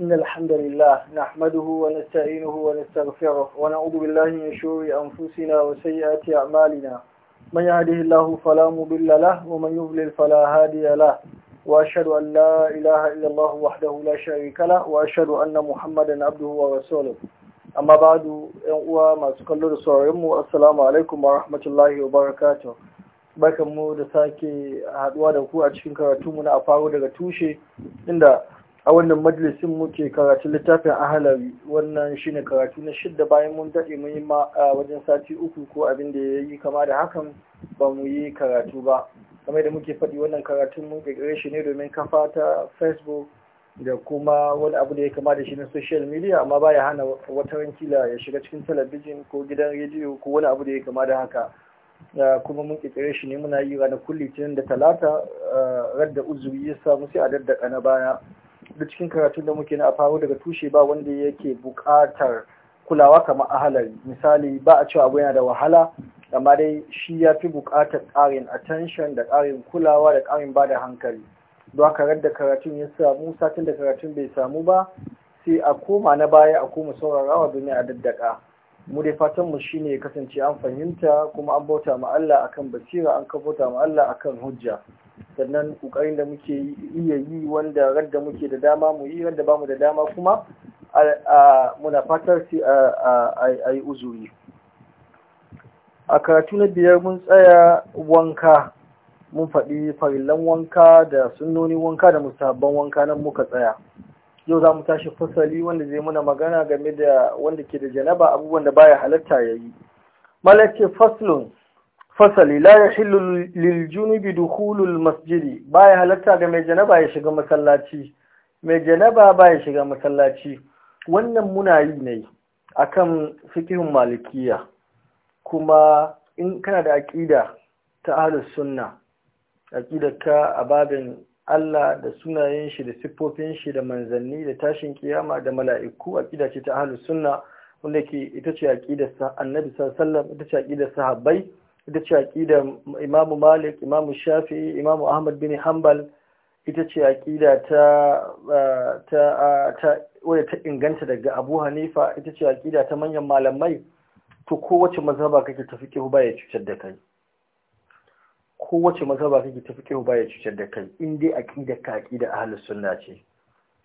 إن الحمد لله نحمده ونستعينه ونستغفره ونعوذ بالله من شرور أنفسنا وسيئات أعمالنا من يهده الله فلا مضل له ومن يضلل فلا هادي له وأشهد أن لا إله إلا الله وحده لا شريك له وأشهد أن محمدا عبده ورسوله amma ba da yan uwa masu kallo da sauraronmu assalamu alaikum wa rahmatullahi wa barakatuh barkan mu da sake haduwa da ku a cikin karatunmu na a faro daga tushe inda a wannan majalisun muke karatu littafin ahalari wannan shine karatu na shidda bayan mun daɗe mun yi wajen sati uku ko abin da ya yi kama da hakan ba mu yi karatu ba kamar da muke faɗi wannan karatun mun ƙirƙire shi ne domin kafa ta facebook da kuma wani abu da ya kama da shi na social media amma ba ya hana wata rankila ya shiga cikin talabijin ko gidan rediyo ko wani abu da ya kama da haka kuma mun ƙirƙire shi ne muna yi ranar kulli da talata radda uzuri ya samu sai a daddaka na baya da cikin karatun da muke na a faru daga tushe ba wanda yake buƙatar kulawa kamar ahalar misali ba a cewa abu yana da wahala amma dai shi ya fi buƙatar ƙarin attention da ƙarin kulawa da ƙarin ba da hankali don haka da karatun ya samu satin da karatun bai samu ba sai a koma na baya a koma saurarawa domin a daddaka mu dai fatan mu shine ya kasance an fahimta kuma an bauta ma Allah akan basira an kafota bauta ma Allah akan hujja sannan ƙoƙarin da muke iya yi wanda radda muke da dama mu yi wanda mu da dama kuma muna fatar sai a yi uzuri a karatu na biyar mun tsaya wanka mun faɗi farillan wanka da sunnonin wanka da musabban wanka nan muka tsaya yau za mu tashi fasali wanda zai muna magana game da wanda ke da janaba abubuwan da baya halatta ya yi malake faslun fasali la yahillu lil junubi dukhulul masjidi ba ya halatta ga mai janaba ya shiga masallaci mai janaba ba ya shiga masallaci wannan muna yi ne akan fikihun malikiya kuma in kana da aƙida ta ahalus sunna aqidar ka a babin Allah da sunayen shi da siffofin shi da manzanni da tashin kiyama da mala'iku ƙida ce ta ahalus sunna wanda ke ita ce aqidar sa annabi sallallahu alaihi wasallam ita ce aqidar sahabbai ita ce aƙida imamu malik imamu shafi imamu ahmad bin hambal ita ce aƙida ta eh, ta eh, ta inganta daga abu hanifa ita ce aƙida ta manyan malamai to kowace mazhaba kake tafi kihu baya cutar da kai kowace mazhaba kake tafi kihu baya cutar da kai in dai aƙida ka aƙida ahlus sunna ce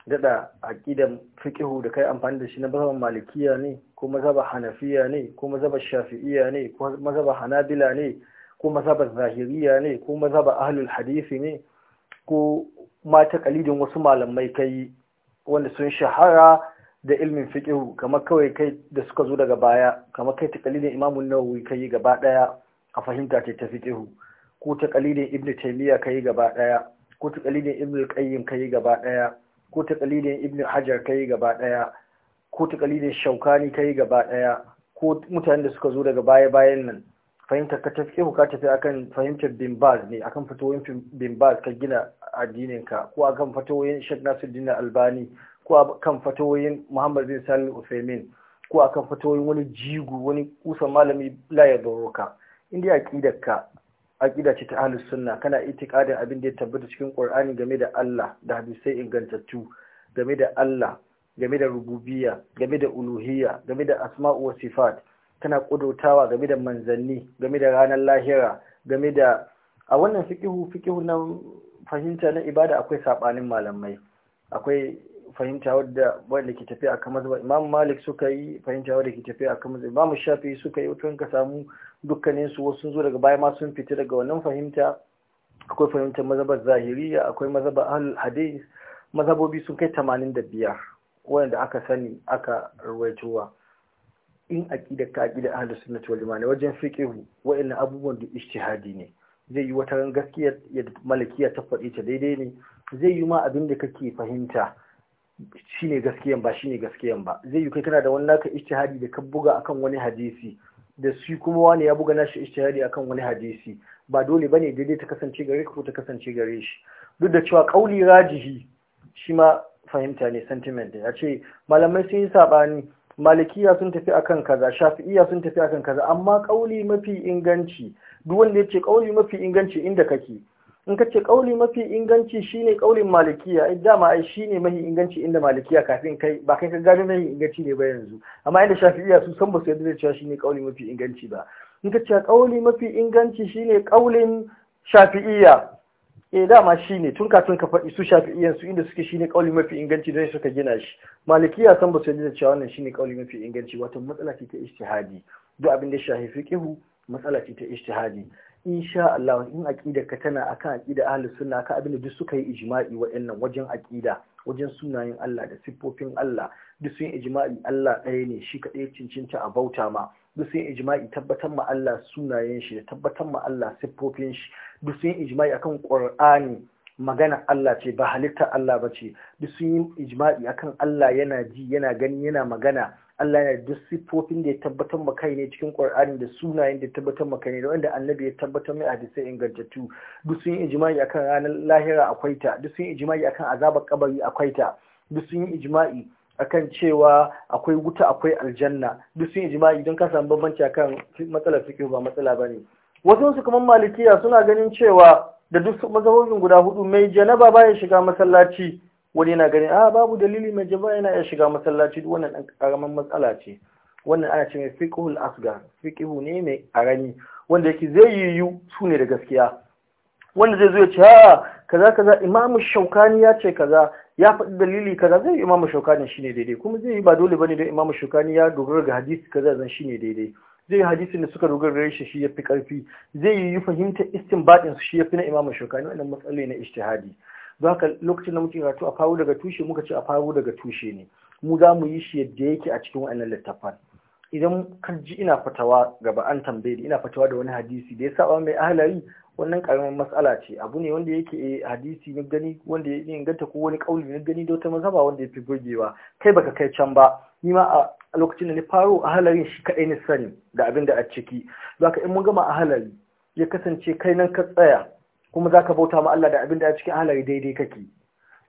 dada aƙidan fiqhu da kai amfani da shi na mazhaban malikiya ne ko mazhabar hanafiya ne ko mazhabar shafi'iya ne ko mazhabar hanabila ne ko mazhabar zahiriya ne ko mazhabar ahlul hadisi ne ko ta kalidin wasu malamai kai wanda sun shahara da ilmin fiqh kamar kawai kai da suka zo daga baya kamar kai ta kalidin imamu nawawi kai gaba daya a fahimta ta fiqh ko ta kalidin ibnu taymiya kai gaba daya ko ta kalidin ibnu qayyim kai gaba daya ko ta kalidin ibnu hajar kai gaba daya ko ta ne ta yi gaba daya ko mutanen da suka zo daga baya bayan nan fahimtar ka tafi ka tafi akan fahimtar bimbaz ne akan fatoyin bimbaz ka gina addinin ka ko akan fatoyin Sheikh Nasiruddin Albani ko akan fatoyin Muhammad bin Salim ufemin ko akan fatoyin wani jigo wani kusan malami la ya doroka indiya aqidar ka aqida ce ta ahlus sunna kana itikadin abin da ya tabbata cikin Qur'ani game da Allah da hadisai ingantattu game da Allah game da rububiya. game da uluhiyya game da asma'u wa sifat tana kudurtawa game da manzanni game da ranar lahira game da a wannan fikihu fikihu na fahimta na ibada akwai sabanin malamai akwai fahimta wadda wanda ke tafiya akan mazhab Imam Malik suka yi fahimta wadda ke tafiya akan mazhab Imam Shafi'i suka yi wato ka samu dukkanin su wasu zo daga baya ma sun fita daga wannan fahimta akwai fahimtar mazhabar Zahiriya akwai mazhabar Ahlul Hadith mazhabobi sun kai 85 wanda aka sani aka rawaitowa in aqida ka aqida ahlus sunnati wal jamaa wajen fiqhu wa'annan abubuwan da ijtihadi ne zai yi wata gaskiya yadda malakiya ta faɗi ta daidai ne zai yi ma abin da kake fahimta shine gaskiyan ba shine gaskiyan ba zai yi kai kana da wannan ka ijtihadi da ka buga akan wani hadisi da su kuma wani ya buga nashi ijtihadi akan wani hadisi ba dole bane daidai ta kasance gare ka ko ta kasance gare shi duk da cewa kauli rajihi shima. fahimta ne sentiment ya ce malamai sun yi saɓani malikiya sun tafi akan kaza shafi'iya sun tafi akan kaza amma ƙauli mafi inganci duk wanda ya ce ƙauli mafi inganci inda kake in ka ce ƙauli mafi inganci shine ƙaulin malikiya ai dama ai shine mafi inganci inda malikiya kafin kai ba kai ka gani mafi inganci ne ba yanzu amma inda shafi'iya su san ba su yadda cewa ne ƙauli mafi inganci ba in ka ce ƙauli mafi inganci shine ƙaulin shafi'iya eh dama shi ne tun kafin ka faɗi su shafi iyan iyansu inda suke shi ne ƙauli mafi inganci don suka gina shi malikiya san ba su yadda cewa wannan shi ne mafi inganci wato matsala ce ta ishtihadi duk abin da shafi kihu matsala ce ta ishtihadi insha Allah in aqida ka tana akan aqida ahlus sunna ka abin da duk suka yi ijma'i wa'annan wajen aqida wajen sunayen Allah da siffofin Allah duk sun ijma'i Allah ɗaya ne shi kaɗai cincinta a bauta ma duk sun ijma'i tabbatar ma Allah sunayen shi da tabbatar ma Allah siffofin shi duk sun ijma'i akan Qur'ani magana Allah ce ba halitta Allah ba ce duk sun yi ijma'i akan Allah yana ji yana gani yana magana Allah yana duk siffofin da ya tabbatar ma kai ne cikin Qur'ani da sunayen da tabbatar ma kai ne da wanda annabi ya tabbatar mai hadisi ingantattu duk sun yi ijma'i akan ranar lahira akwai ta duk sun yi ijma'i akan azabar kabari akwai ta duk sun yi ijma'i akan cewa akwai wuta akwai aljanna duk sun ijima don ka samu bambanci akan matsalar fiqh ba matsala bane wasu su kamar malikiya suna ganin cewa da duk mazhabobin guda hudu mai janaba baya shiga masallaci wani yana ganin a ah, babu dalili mai janaba yana iya shiga masallaci duk wannan karaman matsala ce wannan ana cewa mai fiqhul asgar fiqhu ne mai arani wanda yake zai yiwu su ne da gaskiya wanda zai zo ya ce ha ah, kaza kaza imamu shaukani ya ce kaza ya faɗi dalili kaza zai imamu shaukani shine daidai kuma zai yi ba dole bane don imamu shaukani ya dogara ga hadisi kaza zan shine daidai zai yi hadisi da suka dogara gare shi ya fi karfi zai yi fahimta baɗin su shi ya fi na imamu shaukani wannan matsala na ijtihadi don haka lokacin da muke karatu a faru daga tushe muka ce a faru daga tushe ne mu za mu yi shi yadda yake a cikin wannan littafan idan kan ji ina fatawa gaba an tambaye ina fatawa da wani hadisi da ya saba mai ahalari wannan karamin matsala ce abu ne wanda yake eh, hadisi na gani wanda ya inganta ko wani kauli na gani da wata mazhaba wanda ya fi burgewa kai baka kai can ba ni ma a lokacin da ni faro a halarin shi kaɗai ne sani da abin da a ciki zaka in mun gama a halari ya kasance kai nan ka tsaya kuma zaka bauta ma Allah da abin da a cikin halari daidai kake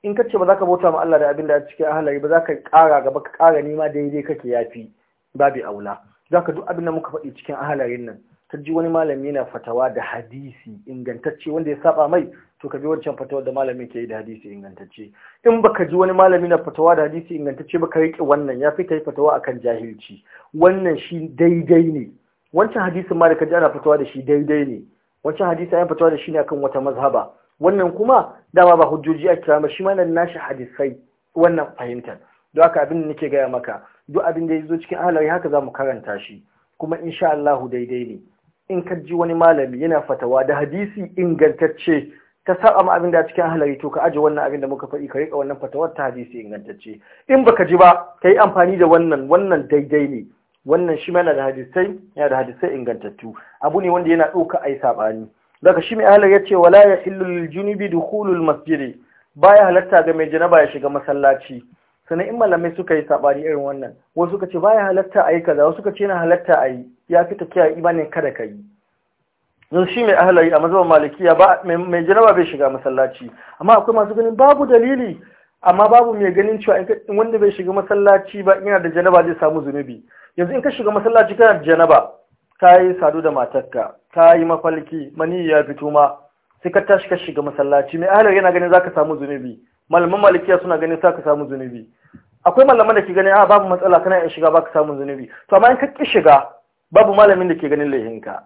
in ka ce ba zaka bauta ma Allah da abin da a cikin halari ba zaka kara gaba ka kara nima daidai kake yafi babu aula zaka duk abin da muka faɗi cikin halarin nan ka ji wani malami yana fatawa da hadisi ingantacce wanda ya saba mai to ka bi wancan fatawar da malamin ke yi da hadisi ingantacce in baka ji wani malami na fatawa da hadisi ingantacce ba ka riƙe wannan ya fi yi fatawa akan jahilci wannan shi daidai ne wancan hadisin ma da ka ji ana fatawa da shi daidai ne wancan hadisi ana fatawa da shi ne akan wata mazhaba wannan kuma dama ba hujjoji a kira ba shi ma nan nashi hadisai wannan fahimtar don haka abin da nake gaya maka duk abin da ya zo cikin ahalari haka za mu karanta shi kuma insha Allahu daidai ne in ka ji wani malami yana fatawa da hadisi ingantacce ta saba ma abin da cikin halari to ka aje wannan abin da muka faɗi ka riƙa wannan fatawar ta hadisi ingantacce in baka ji ba ka yi amfani da wannan wannan daidai ne wannan shi yana da hadisai yana da hadisai ingantattu abu ne wanda yana ɗauka ai saɓani daga shi mai halar ya ce wala ya illul junubi dukhulul masjidi baya halatta ga mai janaba ya shiga masallaci sannan in malamai suka yi saɓani irin wannan wasu suka ce baya halatta a yi kaza wasu suka ce yana halatta a ya fita kiyaye imanin kada ka yi yanzu shi mai ahalari a mazaban malikiya ba mai jaraba bai shiga masallaci amma akwai masu ganin babu dalili amma babu mai ganin cewa in wanda bai shiga masallaci ba yana da janaba zai samu zunubi yanzu in ka shiga masallaci kana da janaba ka yi sadu da matarka ka yi mafalki mani ya fito ma sai ka tashi ka shiga masallaci mai ahalar yana ganin zaka samu zunubi malaman malikiya suna ganin zaka samu zunubi akwai malaman da ke ganin a ah, babu matsala kana iya shiga baka samu zunubi to amma in ka ki shiga babu malamin da ke ganin laihinka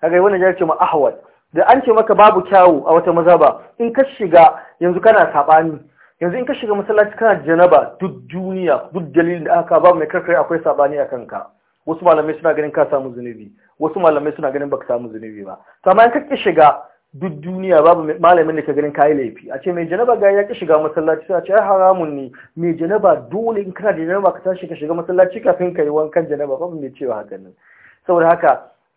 kaga wannan ya ce ma ahwal da an ce maka babu kyawu a wata maza ba. in ka shiga yanzu kana sabani yanzu in ka shiga masallaci kana janaba duk duniya duk dalilin da aka babu mai karkare akwai sabani a kanka wasu malamai suna ganin ka samu zunubi wasu malamai suna ganin baka samu zunubi ba to amma in ka ki shiga duk duniya babu malamin da ka ganin kayi laifi a ce mai janaba ga ya ki shiga masallaci sai a ce ai haramun ne mai janaba dole in kana da janaba ka tashi ka shiga masallaci kafin ka yi wankan janaba babu mai cewa hakan nan saboda haka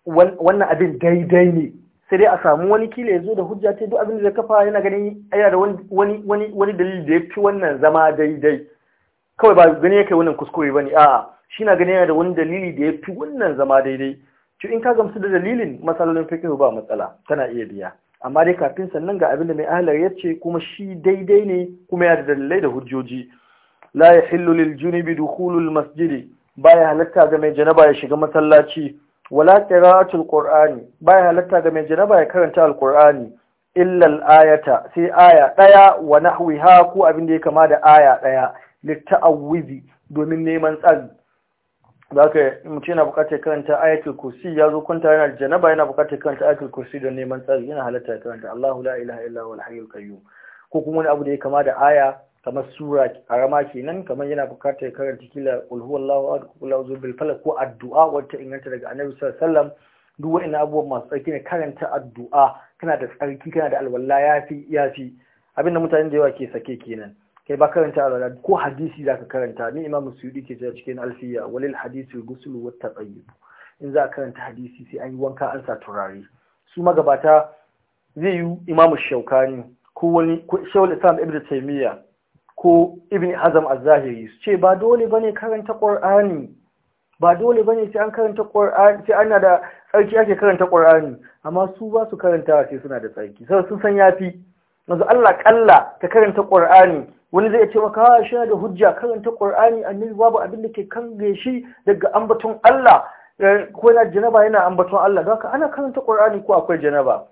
wannan abin daidai ne sai dai a samu wani kila ya zo da hujja ce, duk abin da kafa yana ganin yana da wani wani wani dalili da ya fi wannan zama daidai kawai ba gani ya kai wannan kuskure ba ne a'a shi na ganin yana da wani dalili da ya fi wannan zama daidai to in ka gamsu da dalilin matsalolin fikihu ba matsala tana iya biya amma dai kafin sannan ga abin da mai ahlar ya ce kuma shi daidai ne kuma ya da dalilai da hujjoji la hillu lil junubi dukhulul masjidi baya halatta ga mai janaba ya shiga masallaci wala qira'atul qur'ani baya halatta ga mai janaba ya karanta alqur'ani illa ayata sai aya ɗaya wa nahwiha ko abin da ya kama da aya ɗaya litta'awwizi domin neman tsari aka yi mutum yana buƙatar karanta ayatul kursi ya zo kwanta yana janaba yana bukatar karanta ayatul kursi don neman tsari yana halatta ya karanta Allahu la ilaha illa huwal hayyul qayyum ko kuma wani abu da ya kama da aya kamar sura karama kenan kamar yana bukatar karanta kila qul huwallahu ahad qul a'udhu bil falaq ko addu'a wacce inganta daga annabi sallallahu alaihi duk wani abubuwan masu tsarki ne karanta addu'a kana da tsarki kana da alwala yafi yafi abinda mutane da yawa ke sake kenan kai ba karanta alwala ko hadisi za ka karanta ni imam suyudi ke cewa cikin alfiya walil hadisi ghusl wa tatayyub in za a karanta hadisi sai an yi wanka an sa turare su magabata zai yi imam shaukani ko wani ko shaul islam ibnu taymiya ko ibn Azam a zahiri su ce ba dole bane karanta qur'ani ba dole bane sai an karanta qur'ani sai ana da tsarki ake karanta qur'ani amma su ba su karanta sai suna da tsarki sai sun san yafi mazu Allah kalla ka karanta Qur'ani wani zai ce maka ha shi da hujja karanta Qur'ani nil babu abin da ke kange shi daga ambaton Allah eh, ko yana janaba yana ambaton Allah don haka ana karanta Qur'ani ko akwai janaba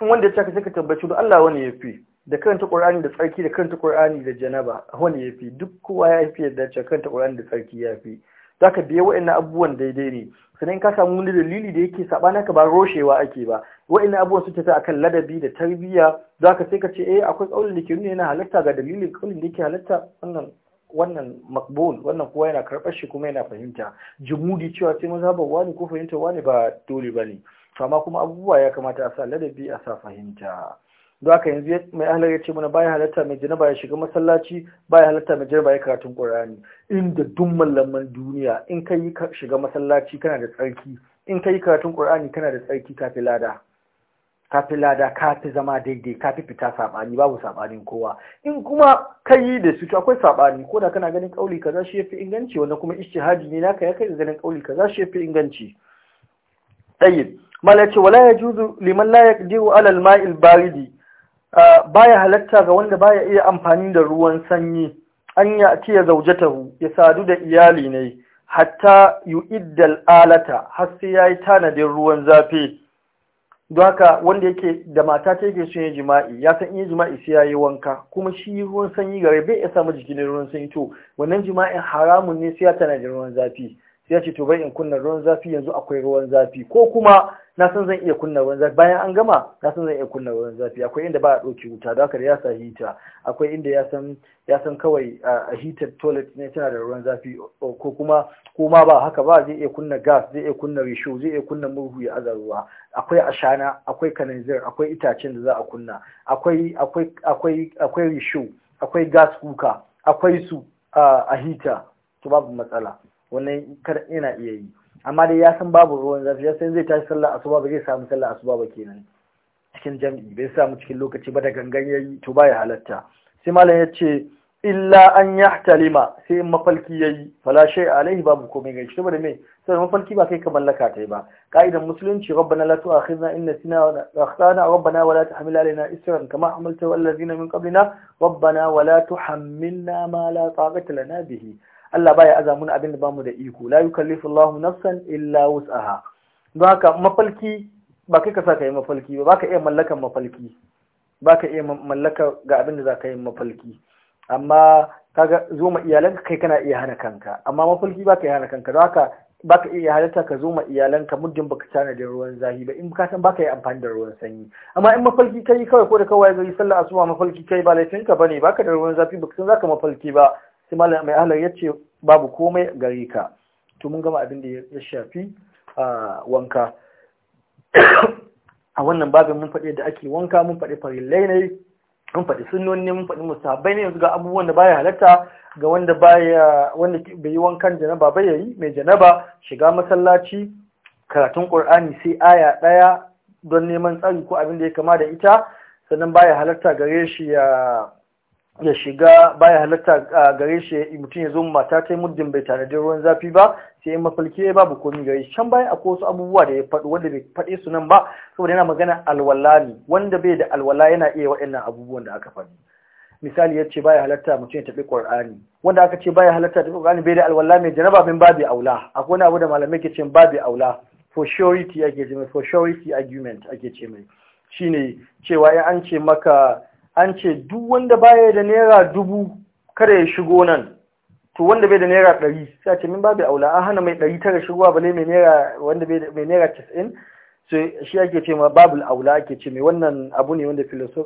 wanda ya ce ka ka tabbaci don Allah wani ya fi, da karanta Qur'ani da tsarki da karanta Qur'ani da janaba wani ya fi, duk kowa ya fi yadda ce karanta Qur'ani da tsarki ya fi, yafi zaka biya wa'annan abubuwan daidai ne sannan ka samu wani dalili da yake sabana naka ba roshewa ake ba wa'annan abubuwan suke ta akan ladabi da tarbiyya za ka sai ka ce eh akwai kaulin da ke nuna yana halatta ga dalilin kaulin da yake halatta wannan wannan makbul wannan kowa yana karɓar shi kuma yana fahimta jumudi cewa sai ba wani ko fahimtar wani ba dole ne to amma kuma abubuwa ya kamata a sa ladabi a sa fahimta don haka yanzu mai halar ya ce mana baya halatta mai janaba ya shiga masallaci baya halatta mai janaba ya karatun ƙur'ani inda duk mallaman duniya in ka yi shiga masallaci kana da tsarki in ka yi karatun ƙur'ani kana da tsarki kafi lada kafi lada kafi zama daidai kafi fita saɓani babu saɓanin kowa in kuma ka yi da su akwai saɓani ko da kana ganin ƙauli kaza shi yafi inganci wanda kuma ishtihadi ne naka ya kai ganin ƙauli kaza shi yafi inganci ɗayin mala ce wala ya juzu liman la ya alal ma'il baridi Ah, baya halatta ga wanda baya iya amfani da ruwan sanyi an ya ce ya zaujatahu ya sadu da iyali ne hatta yu'iddal alata har sai yayi tanadin ruwan zafi don haka wanda yake da mata ta yake son yin jima'i ya san yin jima'i sai yayi wanka kuma shi ruwan sanyi gare bai ya samu jikin ruwan sanyi to wannan jima'in haramun ne sai ya tanadin ruwan zafi sai ya ce to bai in kunna ruwan zafi yanzu akwai ruwan zafi ko kuma na san zan iya kunna ruwan zafi bayan an gama na san zan iya kunna ruwan zafi akwai inda ba a ɗauki wuta da haka ya sa hita akwai inda ya san ya san kawai a hitar toilet ne tana da ruwan zafi ko kuma ko ma ba haka ba zai iya kunna gas zai iya kunna risho zai iya kunna murhu ya aza ruwa akwai ashana akwai kananzir akwai itacen da za a kunna akwai akwai akwai akwai risho akwai gas kuka akwai su a hita to babu matsala wannan kar yana iya yi amma dai ya san babu ruwan zafi ya san zai tashi Sallah, asuba ba zai samu Sallah asuba ba kenan cikin jam'i bai samu cikin lokaci ba da gangan yayi to ya halatta sai malam ya ce illa an yahtalima sai in mafalki yayi fala shay alaihi babu komai gaishe saboda me saboda mafalki ba kai ka mallaka ta ba ka'idan musulunci rabbana la tu'akhidna in nasina wa akhtana rabbana wa la tahmil alaina isran kama hamalta wal ladina min qablina rabbana wa la tuhammilna ma la taqata lana bihi Allah baya aza mana abin da bamu da iko la yukallifu Allahu nafsan illa wus'aha don haka mafalki ba kai ka sa kai mafalki ba baka iya mallakan mafalki baka iya mallaka ga abin da za ka yi mafalki amma kaga zo ma iyalanka kai kana iya hana kanka amma mafalki baka iya hana kanka don haka baka iya halatta ka zo ma iyalanka muddin baka tana da ruwan zahi ba in ka san baka yi amfani da ruwan sanyi amma in mafalki kai kawai ko da kawai yi sallah asuba mafalki kai ba laifin ka bane baka da ruwan zafi baka san zaka mafalki ba sai malam mai ahlar ya ce babu komai gare ka to mun gama abin da ya shafi wanka a wannan babin mun faɗi da ake wanka mun faɗi farillai ne mun faɗi sunnoni mun faɗi musabai ne yanzu ga abubuwan da baya halatta ga wanda baya wanda bai yi wankan janaba ba yayi mai janaba shiga masallaci karatun qur'ani sai aya ɗaya don neman tsari ko abin da ya kama da ita sannan baya halatta gare shi ya ya shiga baya halatta gare shi mutum ya zo mata ta muddin bai tanadin ruwan zafi ba sai ya mafalki ya babu komi gare shi can bayan akwai wasu abubuwa da ya faɗi wanda bai faɗe su nan ba saboda yana magana alwala ne wanda bai da alwala yana iya waɗannan abubuwan da aka faɗi misali ya ce baya halatta mutum ya tafi ƙur'ani wanda aka ce baya halatta tafi ƙur'ani bai da alwala mai janaba min babu aula akwai wani abu da malamai ke ce babu aula for surety ake ce mai for surety argument ake ce mai shine cewa in an ce maka an ce duk wanda baya da naira dubu kada ya shigo nan to wanda bai da naira ɗari sai a ce min babu aula an hana mai ɗari tara shigowa bale mai naira wanda mai naira casa'in so shi ake ce ma babu aula ake ce mai wannan abu ne wanda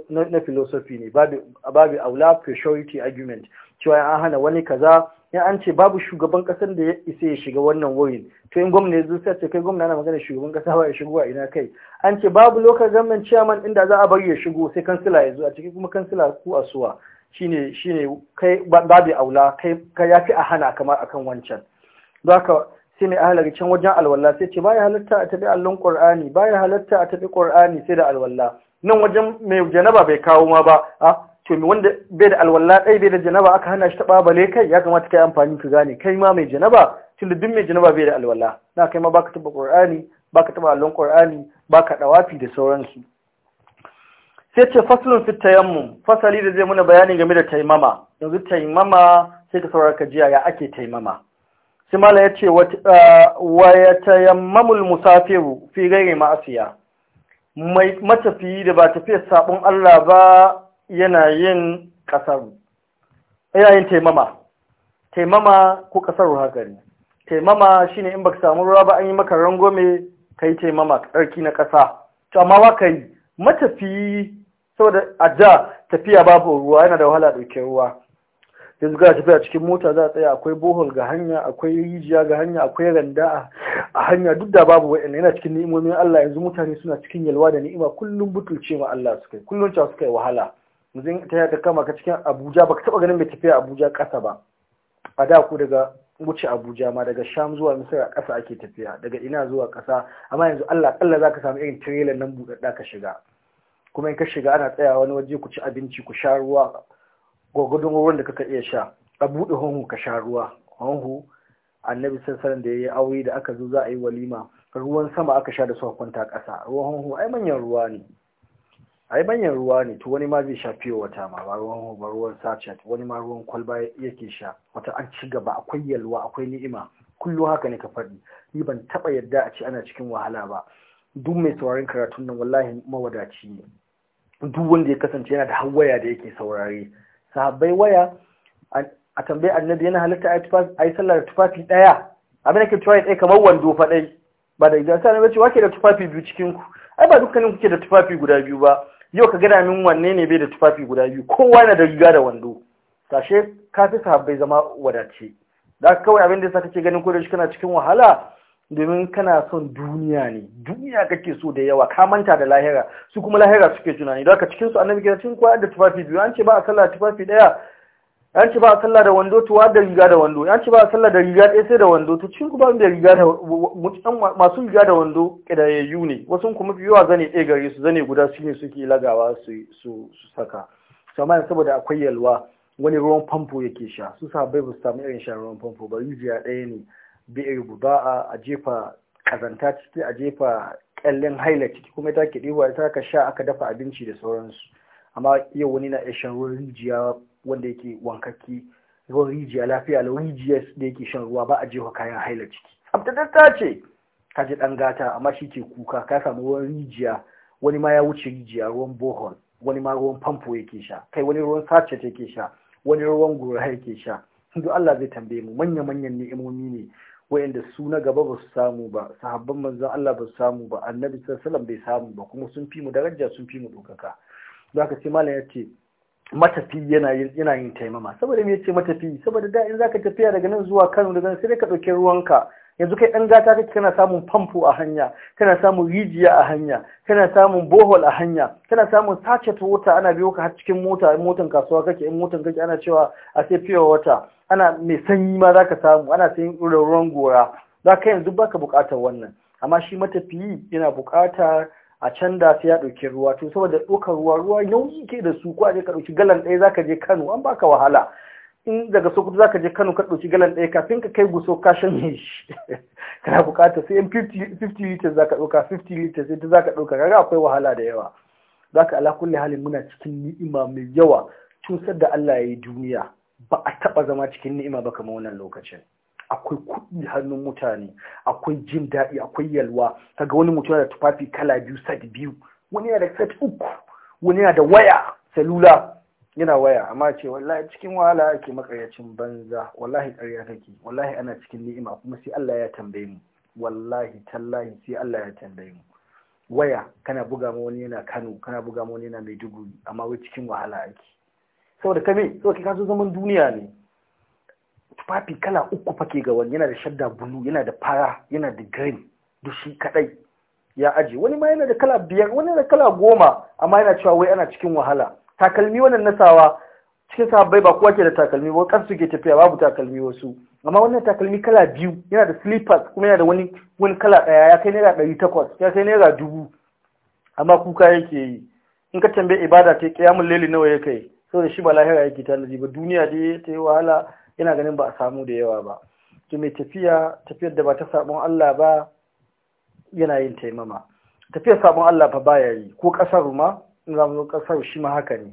na filosofi ne babu aula priority argument cewa an hana wani kaza in an ce babu shugaban kasar da ya isa ya shiga wannan wurin to in gwamna ya zo sai ce kai gwamna na magana shugaban kasa ba ya shigo a ina kai an ce babu lokacin gwamnan ciyaman inda za a bari ya shigo sai kansila ya zo a cikin kuma kansila ku a suwa shine shine kai babu aula kai ka yafi a hana kamar akan wancan don haka sai ne ahalar can wajen alwala sai ce baya halatta a tabi allon qur'ani baya halatta a tabi qur'ani sai da alwala nan wajen mai janaba bai kawo ma ba to wanda bai da alwala ɗai bai da janaba aka hana shi taɓa bale kai ya kamata ka yi amfani ka gane kai ma mai janaba tunda duk mai janaba bai da alwala na kai ma baka taɓa ƙur'ani baka taɓa allon ƙur'ani baka ɗawafi da sauransu sai ce fasalin fit tayammum fasali da zai muna bayani game da taimama yanzu taimama sai ka saurara ka jiya ya ake taimama sai mala ya ce wa ya tayammamul musafiru fi gairi ma'asiya mai matafiyi da ba tafiyar sabon Allah ba yana yin kasaru yana yin taimama taimama ko kasaru haka ne taimama shine in baka samu ruwa ba an yi maka rangome kai taimama karki na kasa to amma wa kai matafi saboda a da tafiya babu ruwa yana da wahala ɗauke ruwa yanzu ga tafiya cikin mota za a tsaya akwai bohol ga hanya akwai rijiya ga hanya akwai randa a hanya duk da babu wa'in yana cikin ni'imomin Allah yanzu mutane suna cikin yalwa da ni'ima kullum butulce ma Allah suka yi kullum cewa suka yi wahala yanzu ta da kama ka cikin abuja baka taba ganin mai tafiya abuja kasa ba a da ku daga wuce abuja ma daga sham zuwa misira kasa ake tafiya daga ina zuwa kasa amma yanzu allah kalla za ka samu irin tirelan nan buɗaɗɗa ka shiga kuma in ka shiga ana tsaya wani waje ku ci abinci ku sha ruwa gwagwadon ruwan da kaka iya sha a buɗe hunhu ka sha ruwa hunhu annabi sassan da ya yi aure da aka zo za a yi walima ruwan sama aka sha da su kwanta ƙasa ruwan hunhu ai manyan ruwa ne ai banyan ruwa ne to wani ma zai sha fiye wata ma ba ruwan ba ruwan sachet wani ma ruwan kwalba yake sha wata an ci gaba akwai yalwa akwai ni'ima Kullum haka ne ka faɗi ni ban taɓa yadda a ce ana cikin wahala ba duk mai sauraron karatun nan wallahi mawadaci ne duk wanda ya kasance yana da hawaya da yake saurare sahabbai waya a tambayi annabi yana halitta a yi sallar tufafi ɗaya abin da ke ɗaya kamar wando faɗai ba da idan sa wake da tufafi biyu cikin ku ai ba dukkanin kuke da tufafi guda biyu ba yau ka gada min wanne ne bai da tufafi guda biyu kowa na da riga da wando tashe ka fi sahabbai zama wadace da kawai abin da yasa kake ganin ko da shi kana cikin wahala domin kana son duniya ne duniya kake so da yawa ka manta da lahira su kuma lahira suke tunani da haka cikin su annabi ke cin da tufafi biyu an ce ba a sallah tufafi daya yanci ba a sallah da wando tuwa da riga da wando yanci ba a sallah da riga ɗaya sai da wando to cin kuma da riga da masu riga da wando ƙidayayyu ne wasu kuma fi yawa zane ɗaya gare su zane guda su ne suke lagawa su saka amma saboda akwai yalwa wani ruwan famfo yake sha su sa ba su samu irin shan ruwan famfo ba rijiya ɗaya ne bi iri ba a jefa kazanta ciki a jefa kyallin haila ciki kuma ta ke ɗiwa ta ka sha aka dafa abinci da sauransu amma yau wani na iya shan ruwan rijiya wanda yake wankaki ruwan rijiya lafiya da rijiyar da yake shan ruwa ba a jefa kayan haila ciki ta ce ka ji ɗan gata amma shi ke kuka ka samu ruwan rijiya wani ma ya wuce rijiya ruwan bohol wani ma ruwan famfo yake sha kai wani ruwan ta yake sha wani ruwan gora yake sha duk Allah zai tambaye mu manya manyan ni'imomi ne wayanda su na gaba ba su samu ba sahabban manzon Allah ba su samu ba annabi sallallahu alaihi wasallam bai samu ba kuma sun fi mu daraja sun fi mu dokaka zaka ce malam ce. matafi yana yin taimama saboda me yace matafi saboda da in zaka tafiya daga nan zuwa Kano daga nan sai ka ɗauki ruwanka yanzu kai ɗan gata kake kana samun famfo a hanya kana samun rijiya a hanya kana samun bohol a hanya kana samun sachet wata ana biyo ka har cikin mota a motan kasuwa kake in motan kake ana cewa a sai fiye wata ana mai sanyi ma zaka samu ana sayin ruwan gora za ka yanzu baka buƙatar wannan amma shi matafiyi yana buƙatar a can da sai ya ɗauki ruwa to saboda ɗaukar ruwa ruwa nauyi ke da su ko a ka ɗauki galan ɗaya zaka je Kano an baka wahala in daga Sokoto zaka je Kano ka ɗauki galan ɗaya kafin ka kai guso ka shanye shi kana buƙatar sai in 50 liters zaka ɗauka 50 liters sai zaka ɗauka kaga akwai wahala da yawa zaka ala kulli halin muna cikin ni'ima mai yawa tun da Allah ya yi duniya ba a taɓa zama cikin ni'ima ba kamar wannan lokacin akwai kuɗi hannun mutane akwai jin daɗi akwai yalwa kaga wani mutum da tufafi kala biyu set biyu wani yana da set uku wani yana da waya salula yana waya amma ce wallahi cikin wahala ake makaryacin banza wallahi ƙarya kake wallahi ana cikin ni'ima kuma sai Allah ya tambaye mu wallahi tallahi sai Allah ya tambaye mu waya kana buga ma wani yana Kano kana buga ma wani yana Maiduguri amma wai cikin wahala ake saboda kame saboda ka zo zaman duniya ne tufafi kala uku fake ga wani yana da shadda bulu yana da fara yana da green duk shi kadai ya aje wani ma yana da kala biyar wani da kala goma amma yana cewa wai ana cikin wahala takalmi wannan nasawa cikin sabai ba kowa ke da takalmi ba kansu ke tafiya babu takalmi wasu amma wannan takalmi kala biyu yana da slippers kuma yana da wani wani kala daya ya kai naira ɗari takwas ya kai naira dubu amma kuka yake yi in ka tambaye ibada ta yi, kiyamun laili nawa ya kai saboda shi ba lahira yake tanaji ba duniya dai ta yi wahala ina ganin ba a samu da yawa ba to mai tafiya tafiyar da ba ta sabon Allah ba yana yin taimama tafiyar sabon Allah fa baya yi ko kasar ma in za mu zo kasar shi ma haka ne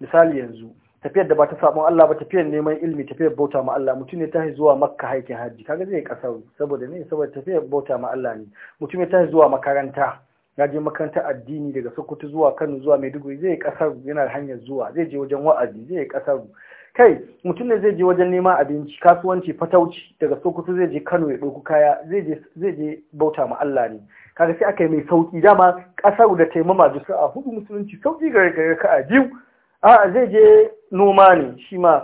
misali yanzu tafiyar da ba ta sabon Allah ba tafiyar neman ilimi tafiyar bauta ma Allah mutum ne ta zuwa makka haikin hajji kaga zai kasar saboda ne saboda tafiyar bauta ma Allah ne mutum ne ta zuwa makaranta ya je makarantar addini daga Sokoto zuwa Kano zuwa Maiduguri zai kasar yana hanyar zuwa zai je wajen wa'azi zai kasar kai mutum ne zai je wajen nema abinci kasuwanci fatauci daga sokoto zai je kano ya ɗauki kaya zai je bauta ma Allah ne kaga sai aka yi mai sauki dama ƙasar da taimama da a hudu musulunci sauki gare gare ka a biyu a zai je noma ne shi ma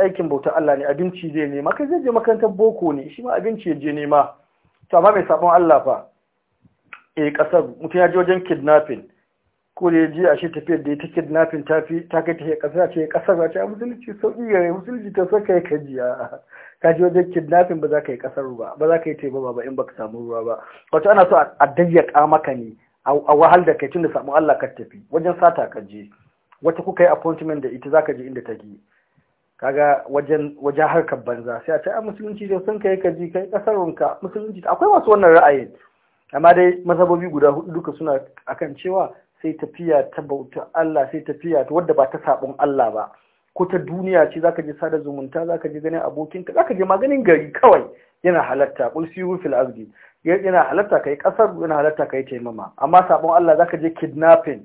aikin bautar Allah ne abinci zai nema kai zai je makarantar boko ne shi ma abinci ya je nema to amma mai sabon Allah fa eh ƙasar mutum ya je wajen kidnapping ko da ya ji a shi tafiyar da ya ta kidnafin ta kai ta kasar ce kasar ba ce a musulunci sauƙi ga musulunci ta so kai ka ji ka ji wajen kidnafin ba za ka yi kasar ba ba za ka yi taimama ba in ba ka samu ruwa ba wato ana so a dayyaka maka ne a wahal da kai tunda samu Allah ka tafi wajen sata ka je wata kuka yi appointment da ita za ka je inda ta Ka kaga wajen wajen harkar banza sai a ce a musulunci da sun kai ka ji kai kasarunka musulunci akwai masu wannan ra'ayin amma dai mazhabobi guda hudu duka suna akan cewa sai tafiya ta bauta Allah sai tafiya ta wadda ba ta sabon Allah ba ko ta duniya ce zaka je sada zumunta zaka je ganin abokinka zaka je maganin gari kawai yana halatta qul siru fil ardi yana halatta kai kasar yana halatta kai taimama amma sabon Allah zaka je kidnapping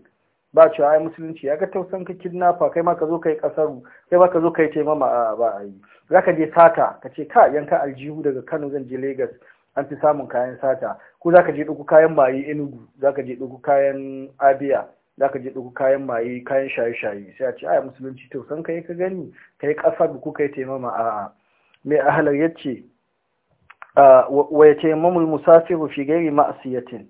ba cewa ai musulunci ya ga tausan ka kidnapper kai ma ka zo kai kasar kai ma ka zo kai taimama ba ai zaka je sata kace ka yanka aljihu daga Kano zan je Lagos an fi samun kayan sata ko za ka je ɗauko kayan maye enugu za ka je ɗauko kayan abia za ka je ɗauko kayan maye kayan shaye-shaye sai a ce a musulunci to san kai ka gani kai ƙasa da ka yi taimama a'a mai ahalar ya ce wa ya taimama musafiru fi gairi ma'asiyatin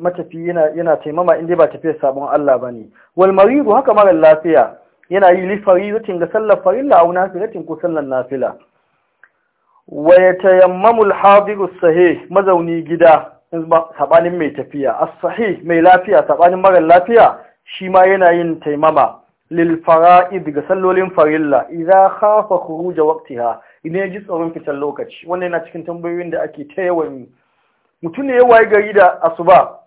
matafi yana taimama inda ba tafiyar sabon Allah ba ne wal maridu haka mara lafiya yana yi lifari zatin ga sallar farilla a nafilatin ko sallar nafila wa yatayammamu al-hadiru sahih mazauni gida sabanin mai tafiya as-sahih mai lafiya sabanin mara lafiya shi ma yana yin taimama lil fara'id ga sallolin farilla idza khafa khuruj waqtiha idan ya ji tsoron fitar lokaci wannan yana cikin tambayoyin da ake ta yawan mutum ne ya waye gari da asuba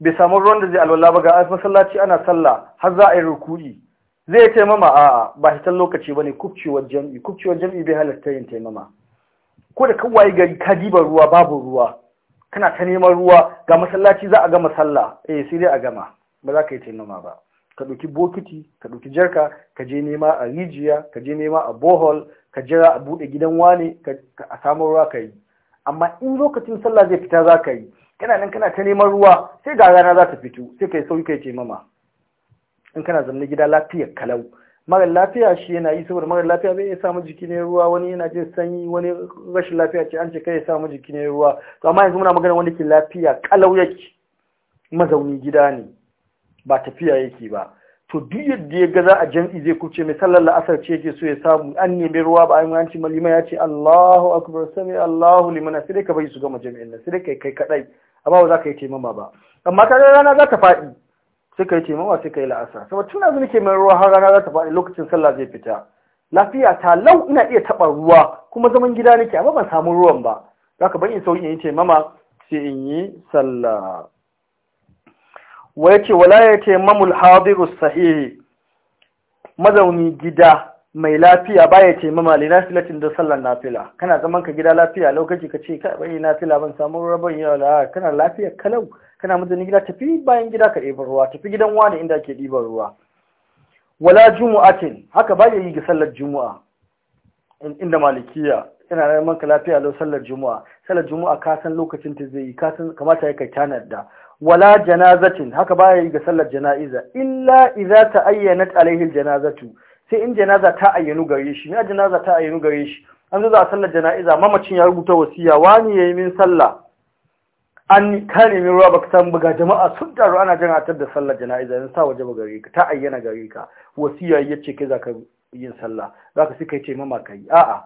bai samu ruwan da zai alwala ba ga masallaci ana sallah har za a yi ruku'i zai taimama a'a ba fitar lokaci bane kubcewar jami'i. kubcewar jami'i bai halatta yin taimama ko da kawai gari ka diba ruwa babu ruwa kana ta neman ruwa ga masallaci za a gama sallah eh sai dai a gama ba za ka yi taimama ba ka ɗauki bokiti ka ɗauki jarka ka je nema a rijiya ka je nema a bohol ka jira a buɗe gidan wani a samun ruwa ka yi amma in lokacin sallah zai fita za ka yi kana nan kana ta neman ruwa sai ga rana za ta fito sai ka yi sauyi ka yi taimama in kana zaune gida lafiyar kalau mara lafiya shi yana yi saboda mara lafiya bai iya samu jiki ne ruwa wani yana jin sanyi wani rashin lafiya ce an ce kai ya samu jiki ne ruwa to amma yanzu muna magana wanda ke lafiya kalau yake mazauni gida ne ba tafiya yake ba to duk yadda ya ga za a jam'i zai kuce mai sallar la'asar ce yake so ya samu an nemi ruwa ba an yanci malima ya ce Allahu akbar sami Allahu limana sai dai ka bai su gama jami'in nan sai dai kai kai kadai amma ba za ka yi taimama ba amma ka rana za ta faɗi suka yi taimawa suka yi la'asa. saboda tun da nake mai ruwa har rana za ta faɗi lokacin sallah zai fita lafiya ta lau ina iya taɓa ruwa kuma zaman gida nake amma ban samu ruwan ba za ka in sauki in yi taimama sai in yi sallah wa ce, wala ya taimamul Hadiru sahihi mazauni gida mai lafiya baya taimama li nafilatin da sallar nafila kana zaman ka gida lafiya lokaci ka ce ka bai nafila ban samu ruwa ban yau la kana lafiya kalau kana mazan gida tafi bayan gida ka ɗebar ruwa tafi gidan wani inda ake ɗiban ruwa wala jumu'atin haka ba ya yi ga sallar juma'a inda malikiya yana da manka lafiya lau sallar juma'a sallar juma'a ka san lokacin ta zai yi ka san kamata ya kai tanadda wala janazatin haka ba ya yi ga sallar jana'iza illa idza ta'ayyanat alaihi janazatu sai in janaza ta ayyanu gare shi ne janaza ta ayyanu gare shi an zo za a sallar jana'iza mamacin ya rubuta wasiya wani yayi min sallah an kare mai ruwa baka san buga jama'a sun taru ana jin atar da sallar jana'iza yanzu ta waje gare ka ta ayyana gare ka wasiya yace kai zaka yin sallah zaka sai kai ce mama kai a'a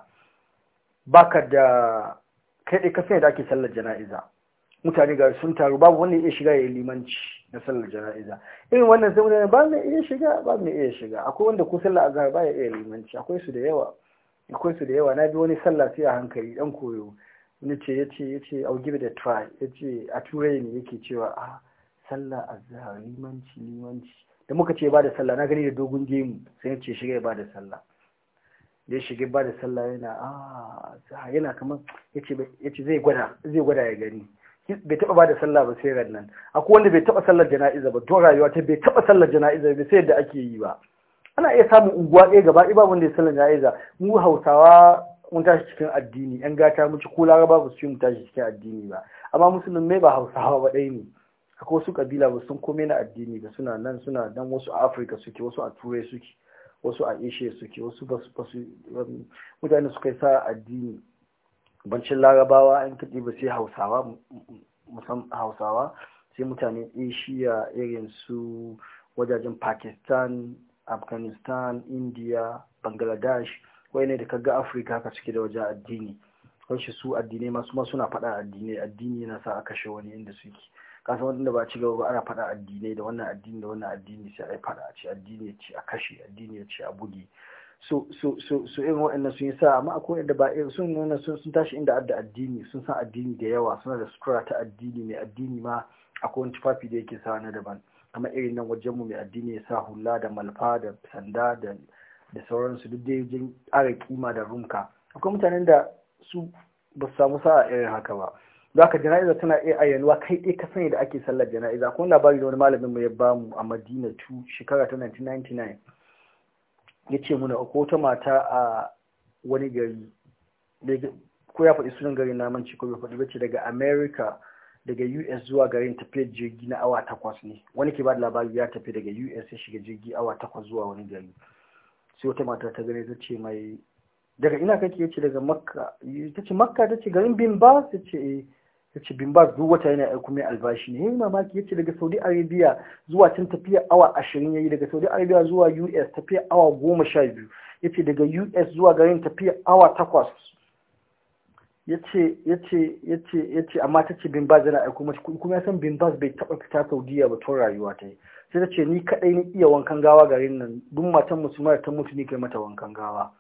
baka da kai dai ka sai da ake sallar jana'iza mutane ga sun taru babu wanda ya shiga ya yi limanci na sallar jana'iza irin wannan sai mutane ba mai iya shiga ba mai iya shiga akwai wanda ko sallar azhar ba ya iya limanci akwai su da yawa akwai su da yawa na bi wani sallah sai a hankali dan koyo wani ce ya ce ya ce i'll give a try ya ce a turai ne yake cewa a ah, sallah azhar limanci limanci da muka ce ba da sallah na gani da dogon gemu sai ce shiga ya ba da sallah da ya shiga ba da sallah yana a ah, yana kamar ya ce zai gwada zai gwada ya gani bai taba ba da sallah ba sai ran nan akwai wanda bai taba sallar jana'iza ba don rayuwa ta bai taba sallar jana'iza ba sai yadda ake yi ba ana iya samun unguwa ɗaya gaba ɗaya babu wanda ya sallar jana'iza mu hausawa mun tashi cikin addini yan gata muci ko laraba ba su yi mu tashi cikin addini ba amma mai ba hausawa ba ɗaya ne akwai wasu kabila ba sun komai na addini ba suna nan suna nan wasu a afirka suke wasu a turai suke wasu a asia suke wasu ba su um, mutane su kai sa addini bancin larabawa an kaɗi ba sai hausawa musamman hausawa sai mutane asia irin su wajajen pakistan afghanistan india bangladesh wai ne da ga afirka ka cike da waje addini kwanci su addinai masu ma suna faɗa addinai addini yana sa a kashe wani inda suke kasan wadanda ba ci gaba ba ana faɗa addinai da wannan addini da wannan addini sai a yi faɗa a ce addini ya ce a kashe addini ya ce a bugi so so so irin sun yi sa amma akwai da ba irin sun nuna sun tashi inda adda addini sun san addini da yawa suna da sutura ta addini mai addini ma akwai wani tufafi da yake sa na daban amma irin nan wajenmu mai addini ya sa hula da malfa da sanda da da sauransu duk dai jin ƙara kima da rumka akwai mutanen da su ba su samu sa'a irin haka ba don haka jana'iza tana iya ayyanuwa kai ɗaya ka sani da ake sallar jana'iza akwai labari da wani malamin mu ya mu a madina tu shekara ta 1999 ya ce muna ko wata mata a wani gari ko ya faɗi sunan garin naman ci ko bai faɗi bace daga america daga us zuwa garin tafiya jirgi na awa takwas ne wani ke ba da labari ya tafi daga us ya shiga jirgi awa takwas zuwa wani gari sai wata mata ta gani ta ce mai daga ina kake yace daga makka ta ce makka ta ce garin bin ta ce eh. ta ce bin duk wata yana aiko mai albashi ne yayi mamaki yace daga saudi arabia zuwa can tafiya awa ashirin yayi daga saudi arabia zuwa us tafiya awa goma sha biyu yace daga us zuwa garin tafiya awa takwas yace amma ta ce bin zana aiko mace kuma ya san bin bai taɓa fita saudiya ba tun rayuwa ta yi sai ta ce ni kaɗai ni iya wankan gawa garin nan duk matan musulmai ta mutu ni kai mata wankan gawa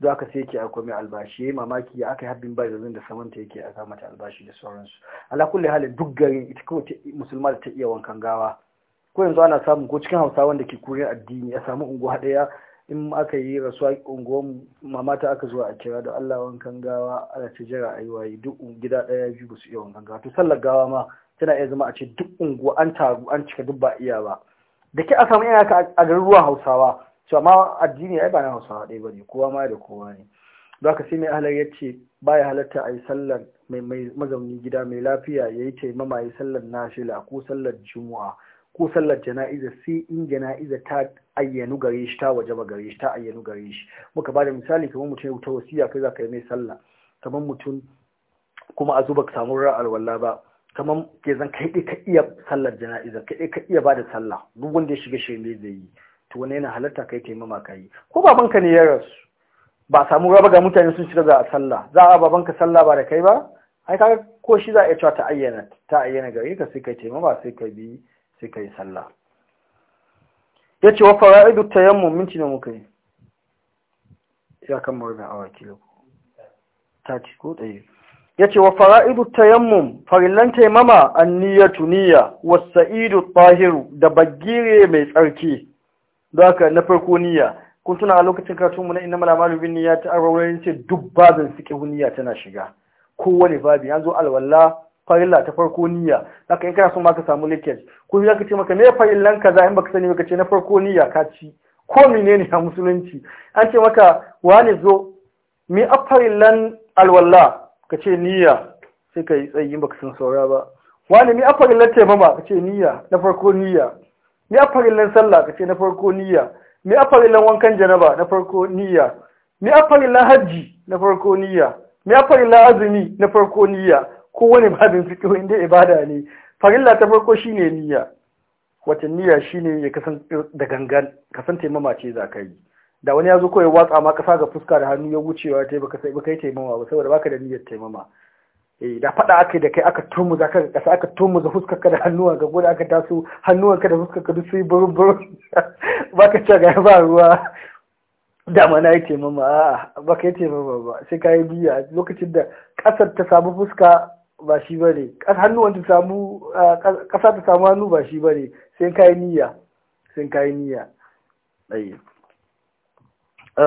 za aka sai yake aiko mai albashi ya yi mamaki ya aka yi habbin ba da samanta yake aka mata albashi da sauransu ala kulli halin duk garin ita kawai musulma ta iya wankan gawa ko yanzu ana samu ko cikin hausa wanda ke kurin addini ya samu unguwa ɗaya in aka yi rasuwa unguwar mamata aka zuwa a kira da allah wankan gawa ana ce jira a yi waye duk gida ɗaya biyu ba su iya wankan gawa to sallar gawa ma tana iya zama a ce duk unguwa an taru an cika duk ba iya ba da ke a samu yana ka a garin hausawa to amma addini ai ba na hausawa ɗaya ba ne kowa ma da kowa ne don haka sai mai halar ya ce ba ya halatta a yi sallar mai mazauni gida mai lafiya ya yi ce mama yi sallar nashila ko sallar juma'a ko sallar jana'iza sai in jana'iza ta ayyanu gare shi ta ba gare shi ta ayyanu gare shi muka ba da misali kamar mutum ya wuta wasiya kai za ka yi mai sallah kamar mutum kuma a zuba samu ra'ar walla ba kamar ke zan kai ka iya sallar jana'izar kai ka iya bada sallah duk wanda ya shiga shirme zai yi to wani yana halarta kai taimama ka yi ko babanka ne ya rasu ba samu raba ga mutane sun shiga za a sallah za a babanka sallah ba da kai ba ai ka ko shi za a iya cewa ta ayyana ta ayyana gare ka sai ma taimama sai ka bi sai yi sallah yace wa fara'idu tayammum minti ne muka yi ya kammala da awaki ko ta ci ko tsaye yace wa fara'idu tayammum farillan taimama anniyatu niyya wa saidu tahiru da bagire mai tsarki haka na farko niyya kun tuna a lokacin karatun mu na innamal a'malu bin niyyat arwayin ce duk babin suke niyya tana shiga kowane babi yanzu alwala farilla ta farko niyya haka in kana son ma ka samu leakage ko ya ce maka me farillan kaza in baka sani Ka ce na farko niyya ka ci ko menene a musulunci an ce maka wani zo mi afarillan alwala ka ce niyya sai ka yi tsayi ba ka san saura ba wani mi afarillan taimama ka ce niyya na farko niyya mi sallah ka ce na farko niyya mi wankan janaba na farko niyya mi hajji na farko niyya mi azumi na farko niyya ko wani babin fito inda ibada ne farilla ta farko shine niyya wata niyya shine ya kasance da gangan kasance taimama ce za ka yi da wani ya zo kawai watsa ma kasa ga fuska da hannu ya wucewa ta baka sai baka yi taimama ba saboda baka da niyyar taimama eh da a aka da kai aka za ka kasa aka za fuskar ka da hannuwa ga goda aka taso hannuwan ka da fuskar ka duk sai burun burun baka ce ga ba ruwa da ma na yi taimama a'a baka yi taimama ba sai ka yi biya lokacin da kasar ta samu fuska ba shi ne hannuwan ta samu kasa ta samu hannu ba shi ba ne. sai ka yi niyya sai ka yi niyya ai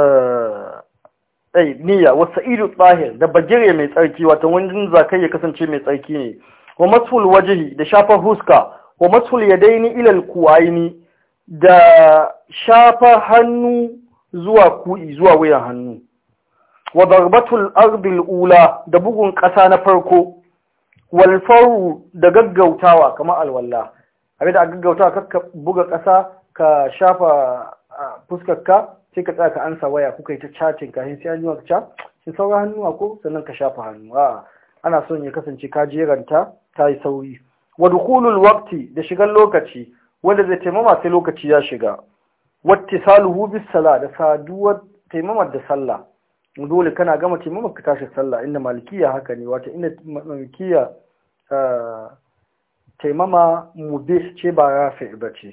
eh, eh, niyya wa sa'idu tsahir da bagire mai tsarki wata wani zakai ya kasance mai tsarki ne wa masul wajihi da shafar huska wa masul daini ilal kuwaini da shafar hannu zuwa ku'i zuwa wuyan hannu wa darbatul ardil ula da bugun ƙasa na farko walfaru da gaggautawa kamar alwallah abin da a gaggautawa ka buga ƙasa ka shafa fuskarka sai ka tsaka ansa waya kuka yi ta chatting kafin sai yi ka chat sai saura hannuwa ko sannan ka shafa hannu a ana son ya kasance ka jeranta ta yi sauri wa dukulul waqti da shigan lokaci wanda zai taimama sai lokaci ya shiga wattisaluhu bis sala da saduwar taimamar da sallah dole kana gama taimamar ka tashi sallah inda malikiya haka ne wato inda malikiya eh, taimama mubis ce ba rafi ba ce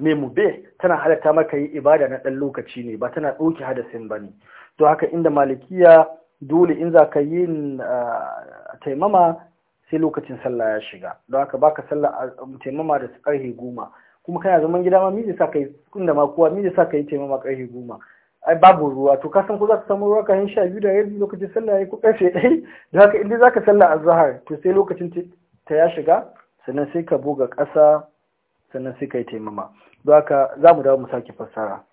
mu be tana halatta maka yi ibada na ɗan lokaci ne ba tana ɗauki hadasin ba ne to haka inda malikiya dole in za ka yin ah, taimama sai lokacin sallah ya shiga don haka baka sallah ah, taimama da ƙarfe goma kuma kana zaman gida ma mi sa kai inda ma kowa mi sa kai taimama ƙarfe goma ai babu ruwa to ka san ko za ka samu ruwa kayan sha biyu da yanzu lokacin sallah ya ko ƙarfe ɗaya don haka inda za ka sallah zahar to sai lokacin ta ya shiga sannan sai ka buga ƙasa sannan suka yi taimama don haka za mu dawo mu sake fassara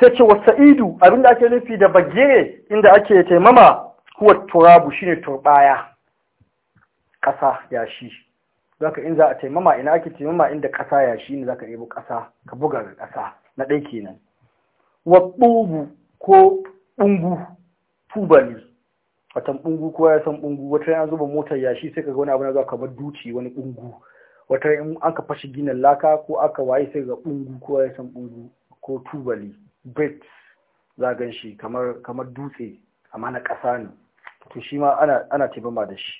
sai ce wa sa'idu abin da ake nufi da bagire inda ake taimama huwa turabu shine turbaya ƙasa yashi haka in za a taimama ina ake taimama inda ƙasa yashi ne Za ka ɗebo ƙasa ka buga ga ƙasa na ɗai kenan wa ɓugu ko ɓungu tubali watan ɓungu kowa ya san ɓungu wata yana zuba motar yashi sai ka ga wani abu na zuwa kamar duci wani ɓungu wata in aka fashe ginin laka ko aka waye sai ga ungu ko ya san ungu ko tubali bricks za gan shi kamar kamar dutse amma na ƙasa ne to shi ma ana ana tibama da shi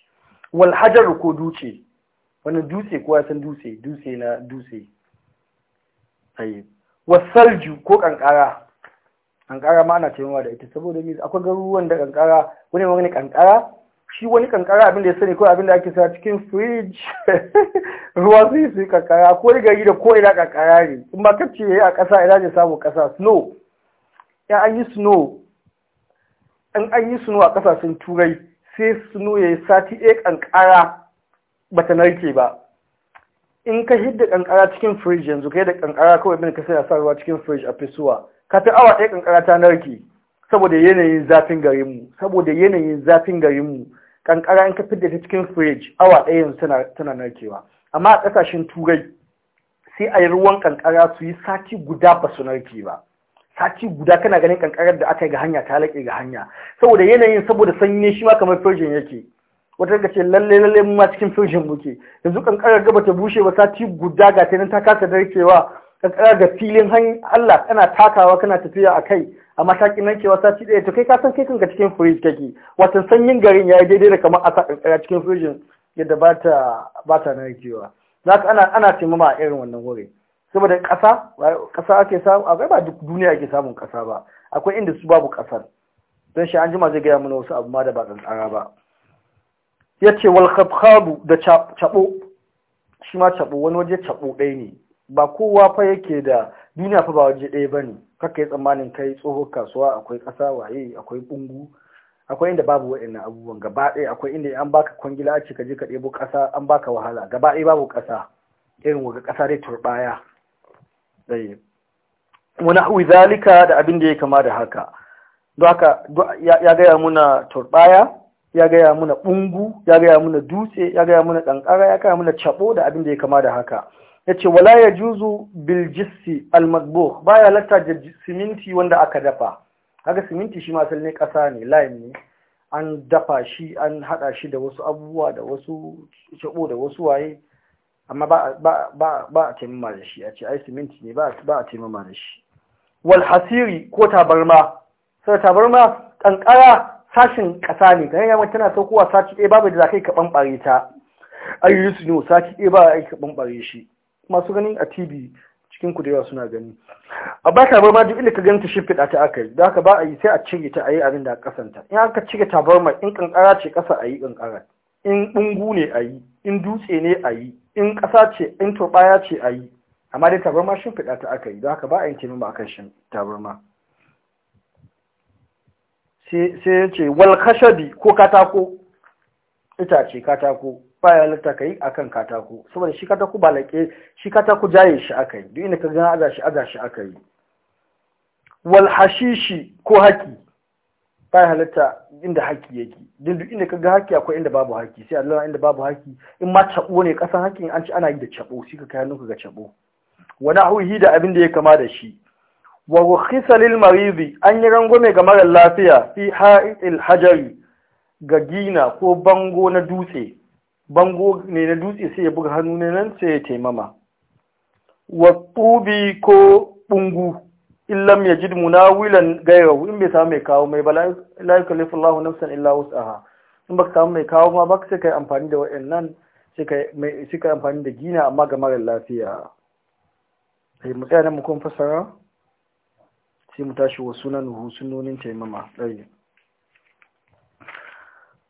wal hajar ko dutse wani dutse ko ya san dutse dutse na dutse ayi wasalju ko kankara kankara ma ana tibama da ita saboda akwai garuruwan da kankara wani magani kankara shi wani kankara abinda ya sani ko abinda ake sa cikin fridge ruwa su yi su yi kankara ko gari da ko ina kankara ne in ba ce ya yi a ƙasa ina ne samun ƙasa snow ya an yi snow an an yi snow a kasashen turai sai snow ya yi sati ɗaya kankara ba ta narke ba in ka hidda kankara cikin fridge yanzu kai da kankara kawai bin ka sai a sa ruwa cikin fridge a fisuwa kafin awa ɗaya kankara ta narke saboda yanayin zafin garinmu saboda yanayin zafin garinmu kankara in ka fidda ta cikin fridge awa ɗaya yanzu tana narkewa amma a ƙasashen turai sai a yi ruwan kankara su yi sati guda ba su narke ba sati guda kana ganin kankarar da aka yi ga hanya ta laƙe ga hanya saboda yanayin saboda sanyi shi ma kamar firjin yake wata ka ce lalle lalle mu ma cikin firjin muke yanzu kankarar gaba ta bushe ba sati guda ga ta ta kasa narkewa kankara ga filin hanyar Allah kana takawa kana tafiya a kai a matakin nan cewa sati ɗaya to kai ka san kai kanka cikin firij kake wato sanyin garin ya yi daidai da kamar a cikin firijin yadda ba ta ba ta za ka ana ana taimama a irin wannan wuri saboda ƙasa ƙasa ake samu akwai ba duk duniya ake samun ƙasa ba akwai inda su babu ƙasar don shi an jima zai gaya mana wasu abu ma da ba tsantsara ba ya ce wal da caɓo shi ma caɓo wani waje caɓo ɗaya ne ba kowa fa yake da duniya fa ba waje ɗaya ba ne kakka yi tsammanin kai tsohon kasuwa akwai ƙasa waye akwai ɓungu akwai inda babu waɗannan abubuwan gaba ɗaya akwai inda an baka kwangila a ce ka je ka ɗebo ƙasa an baka wahala gaba ɗaya babu ƙasa irin waga ƙasa dai turɓaya ɗaya wani hawi zalika da abin da ya kama da haka don haka ya gaya muna turɓaya ya gaya muna ɓungu ya gaya muna dutse ya gaya muna ƙanƙara ya gaya muna caɓo da abin da ya kama da haka ya ce wala ya juzu biljissi Ba ya latta da siminti wanda aka dafa haka siminti shi masu ne ƙasa ne lime ne an dafa shi an haɗa shi da wasu abubuwa da wasu shabo da wasu waye amma ba a taimama da shi a ce ai siminti ne ba a taimama da shi wal hasiri ko tabarma sau tabarma ƙanƙara sashin ƙasa ne kan yamma tana saukowa sati ɗaya babu da za ka yi ka ɓanɓare ta ayyusu ne sati ɗaya ba a yi ka ɓanɓare shi masu ganin a tv cikin ku da suna gani a ba tabarma duk inda ka ganta shimfiɗa ta aka yi da haka ba a yi sai a cire ta a yi abin da kasanta in aka cire tabarma in kankara ce ƙasa a yi kankara in ɗungu ne a yi in dutse ne a yi in ƙasa ce in turɓaya ce a yi amma dai tabarma shimfiɗa ta aka yi da haka ba a yi yin a kan shin tabarma sai ya ce wal ko katako itace katako ba ya lalata ka yi a kan katako saboda shi katako ba laƙe shi katako jaye shi aka yi duk inda ka gana aza shi aza shi aka yi wal hashishi ko haki ba ya lalata inda haki yake din duk inda ka ga haki akwai inda babu haki sai Allah inda babu haki in ma cabo ne kasan hakin an ci ana yi da cabo shi ka kai nuka ga cabo wani hauhi da abin da ya kama da shi wa rukhisa lil maridi an yi rangwame ga marar lafiya fi ha'il hajari ga gina ko bango na dutse bango ne na dutse sai ya buga hannu ne nan sai ya taimama wa tubi ko bungu illam yajid munawilan gairahu in bai samu mai kawo mai bala la yukallifu na nafsan illa wus'aha in baka samu mai kawo ma baka sai amfani da waɗannan sai kai amfani da gina amma ga mara lafiya sai eh, mu tsaya nan mu kun fasara sai mu tashi wa sunan sunonin taimama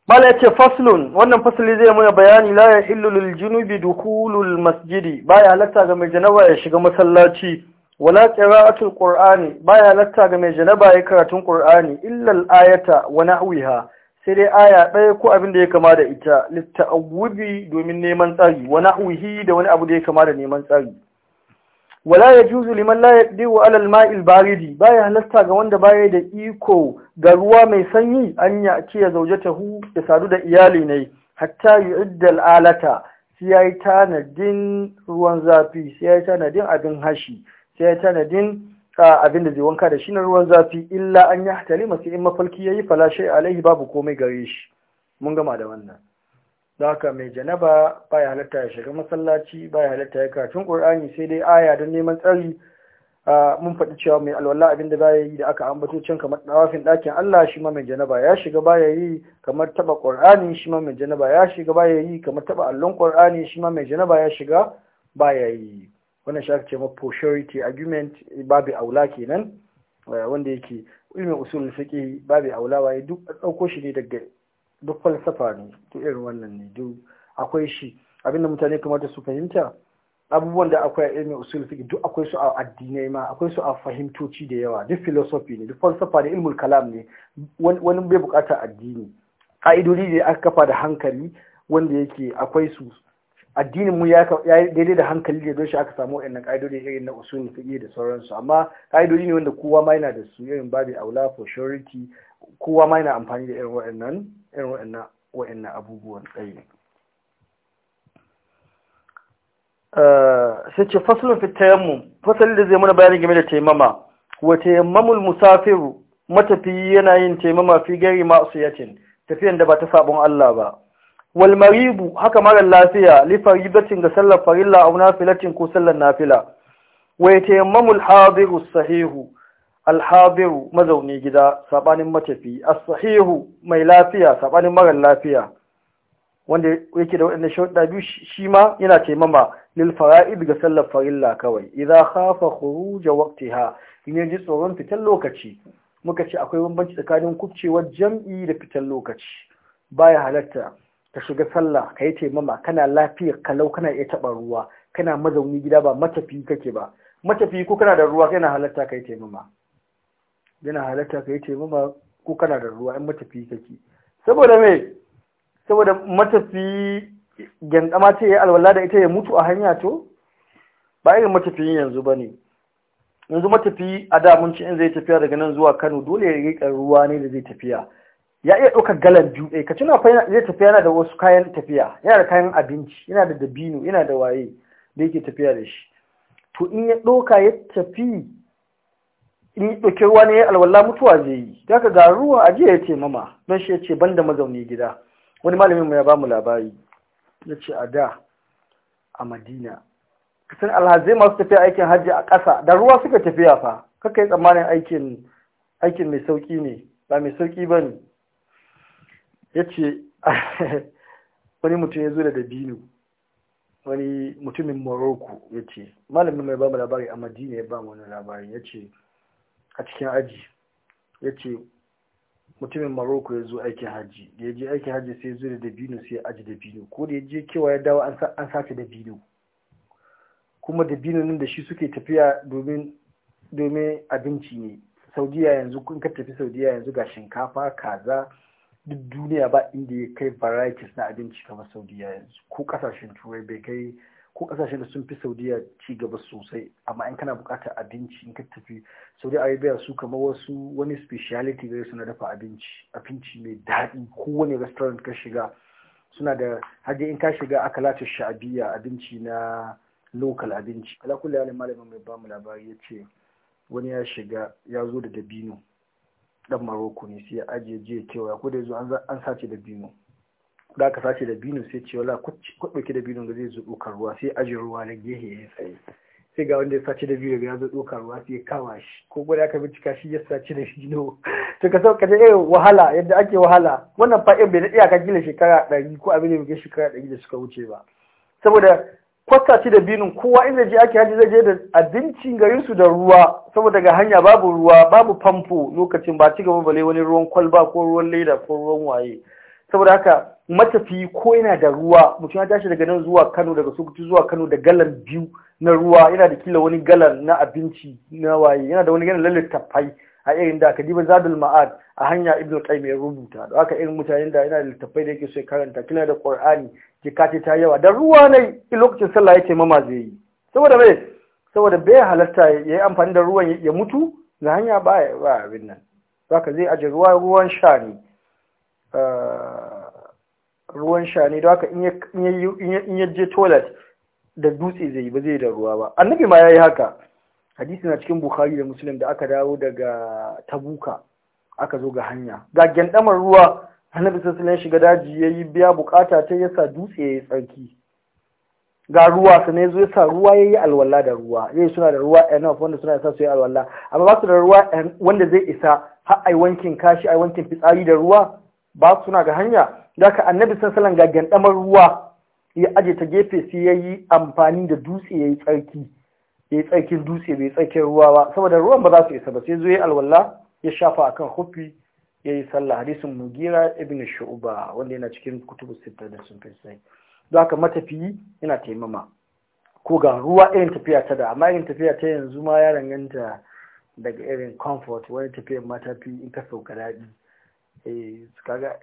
mala yace faslun wannan fasli zai mana bayani la yahillu lil junubi dukhulul masjidi baya halatta ga mai janaba ya shiga masallaci wala qira'atul qur'ani baya halatta ga mai janaba ya karatun qur'ani illa al ayata wa nahwiha sai dai aya ɗaya ko abin da ya kama da ita litta'awudi domin neman tsari wa nahwihi da wani abu da ya kama da neman tsari wala ya juzu liman la yaqdiru ala al baridi baya halasta ga wanda baya da iko ga ruwa mai sanyi an ya ce ya hu ya sadu da iyali ne hatta yu'idda al-alata sai yi tanadin ruwan zafi sai yi tanadin abin hashi sai yi tanadin abin da zai wanka da shi na ruwan zafi illa an yahtalima masu in mafalki yayi fala shay alaihi babu komai gare shi mun gama da wannan da haka mai janaba ba ya halatta ya shiga masallaci ba ya halatta ya karatun ƙur'ani sai dai aya don neman tsari mun faɗi cewa mai alwala abin da baya yi da aka ambato can kamar ɗawafin ɗakin Allah shi ma mai janaba ya shiga baya yi kamar taɓa ƙur'ani shi ma mai janaba ya shiga baya yi kamar taɓa allon ƙur'ani shi ma mai janaba ya shiga baya yi wannan shi ake ce ma posurity argument babu aula kenan eh, wanda yake ilmin usul fiqh babu aula waye duk ɗauko shi ne daga duk falsafa ne to irin wannan ne duk akwai shi abinda mutane kamata su fahimta abubuwan da akwai a ilmin usul fiqh duk akwai su a addinai ma akwai su a fahimtoci da yawa duk filosofi ne duk falsafa ne ilmul kalam ne wani bai bukata addini ka'idodi ne aka kafa da hankali wanda yake akwai su addinin mu ya daidai da hankali da don shi aka samu wa'annan ka'idodi irin na usul fiqh da sauransu amma ka'idodi ne wanda kowa ma yana da su irin babi aula for surety kowa ma yana amfani da irin wa'annan irin wa'annan wa'annan abubuwan tsayi eh, sai ce faslun fi tayammum fasalin da zai muna bayani game da taimama wa tayammamul musafiru matafi yana yin taimama fi gari ma'asiyatin tafiyan da ba ta sabon Allah ba wal maribu haka mara lafiya li faridatin ga sallar farilla aw nafilatin ko sallar nafila wa tayammamul hadiru sahihu alhabiru mazauni gida sabanin matafi as-sahihu mai lafiya sabanin mara lafiya wanda yake da shawarar da biyu shi ma yana taimama lil fara'id ga sallar farilla kawai idza khafa khuruj waqtiha in ji tsoron fitan lokaci muka ce akwai bambanci tsakanin kubcewar jam'i da fitan lokaci baya halatta ka shiga sallah ka yi taimama kana lafiya kalau kana iya taɓa ruwa kana mazauni gida ba matafi kake ba matafi ko kana da ruwa yana halatta ka yi taimama yana halatta ka yi taimama ko kana da ruwa in matafi kake saboda me saboda matafi gyandama ce ya alwala da ita ya mutu a hanya to ba irin matafiyin yanzu ba ne yanzu matafi a damun ci in zai tafiya daga nan zuwa kano dole ya riƙa ruwa ne da zai tafiya ya iya ɗaukar galan biyu ɗaya ka tuna fa zai tafiya yana da wasu kayan tafiya yana da kayan abinci yana da dabino yana da waye da yake tafiya da shi to in ya ɗauka ya tafi in ɗauki ruwa ne alwala mutuwa zai yi daga ga ruwa a jiya ya ce mama don shi ya ce ban da mazauni gida wani malamin mu ya ba mu labari ya ce a da a madina kasan alhazai masu tafiya aikin hajji a ƙasa da ruwa suka tafiya fa kaka yi tsammanin aikin mai sauƙi ne ba mai sauƙi ba ne ya ce wani mutum ya zo da dabino wani mutumin morocco ya ce malamin mai ba mu labari a madina ya ba mu wani labari ya ce a cikin aji ya ce mutumin maroko ya zo aikin hajji da ya je aikin hajji sai zo da dabino sai ya aji dabino ko da ya je kewa ya dawo an sace dabino kuma dabino nan da shi suke tafiya domin domin abinci ne saudiya yanzu kun ka tafi saudiya yanzu ga shinkafa kaza duk duniya ba inda ya kai varieties na abinci kamar saudiya yanzu ko kasashen turai bai kai ko kasashen da sun fi saudiya ci gaba sosai amma in kana bukatar abinci in ka tafi saudi arabia su kamar wasu wani speciality gare suna dafa abinci abinci mai daɗi ko wani restaurant ka shiga suna da hajji in ka shiga aka akalatar sha'abiya abinci na local abinci ala ya halin malamin mai bamu labari ya ce wani ya shiga ya zo da dabino dan maroko ne sai ya ajiye jiya cewa ko da yanzu an sace dabino da aka sace da binu sai ce wala ku ke da binu da zai zo dokar ruwa sai ajin ruwa na gehe ya tsaye sai ga wanda ya sace da binu ya zo dokar ruwa sai ya kama shi ko gwada aka bincika shi ya sace da shi to ka sauka da irin wahala yadda ake wahala wannan fa'in bai da iyaka gila shekara ɗari ko abin da bai shekara ɗari da suka wuce ba saboda kwata ci da binin kowa inda je ake haji zai je da abincin garin su da ruwa saboda ga hanya babu ruwa babu famfo lokacin ba ci gaba bale wani ruwan kwalba ko ruwan leda ko ruwan waye saboda haka matafi ko yana da ruwa mutum ya tashi daga nan zuwa Kano daga Sokoto zuwa Kano da galan biyu na ruwa yana da kila wani galan na abinci na waye yana da wani galan littattafai a irin da aka diba zadul ma'ad a hanya ibnu qayyim mai rubuta da haka irin mutanen da yana da littattafai da yake so ya karanta kila da qur'ani kace ta yawa da ruwa ne lokacin sallah yake mama zai yi saboda bai saboda bai halarta ya yi amfani da ruwan ya mutu na hanya ba abin nan zaka zai aje ruwa ruwan sha ne Eh, ruwan sha ne don haka in ya je toilet da dutse zai ba zai da ruwa ba annabi ma ya yi haka hadisi na cikin bukhari da muslim da aka dawo daga tabuka aka zo ga hanya ga gyandamar ruwa annabi sassalin ya shiga daji ya yi biya bukata ta yasa dutse ya yi tsarki ga ruwa su ne zai sa ruwa ya yi alwala da ruwa yayi suna da ruwa enough wanda suna isa su yi alwala amma ba su da ruwa wanda zai isa har ai wankin kashi ai wankin fitsari da ruwa ba suna ga hanya daga annabi sallallahu ga damar ruwa ya aje ta gefe sai yi amfani da dutse yi tsarki yi tsarkin dutse bai tsarkin ruwa ba saboda ruwan ba za su isa ba sai zo ya alwala ya shafa a akan hufi yi sallah hadisun mugira ibn shu'uba wanda yana cikin kutubu sittar da sun fi sai haka matafiyi yana taimama ko ga ruwa irin tafiya ta da amma irin tafiya ta yanzu ma ya danganta daga irin comfort wani tafiyar matafi in ka sauka daɗi Eh, kaga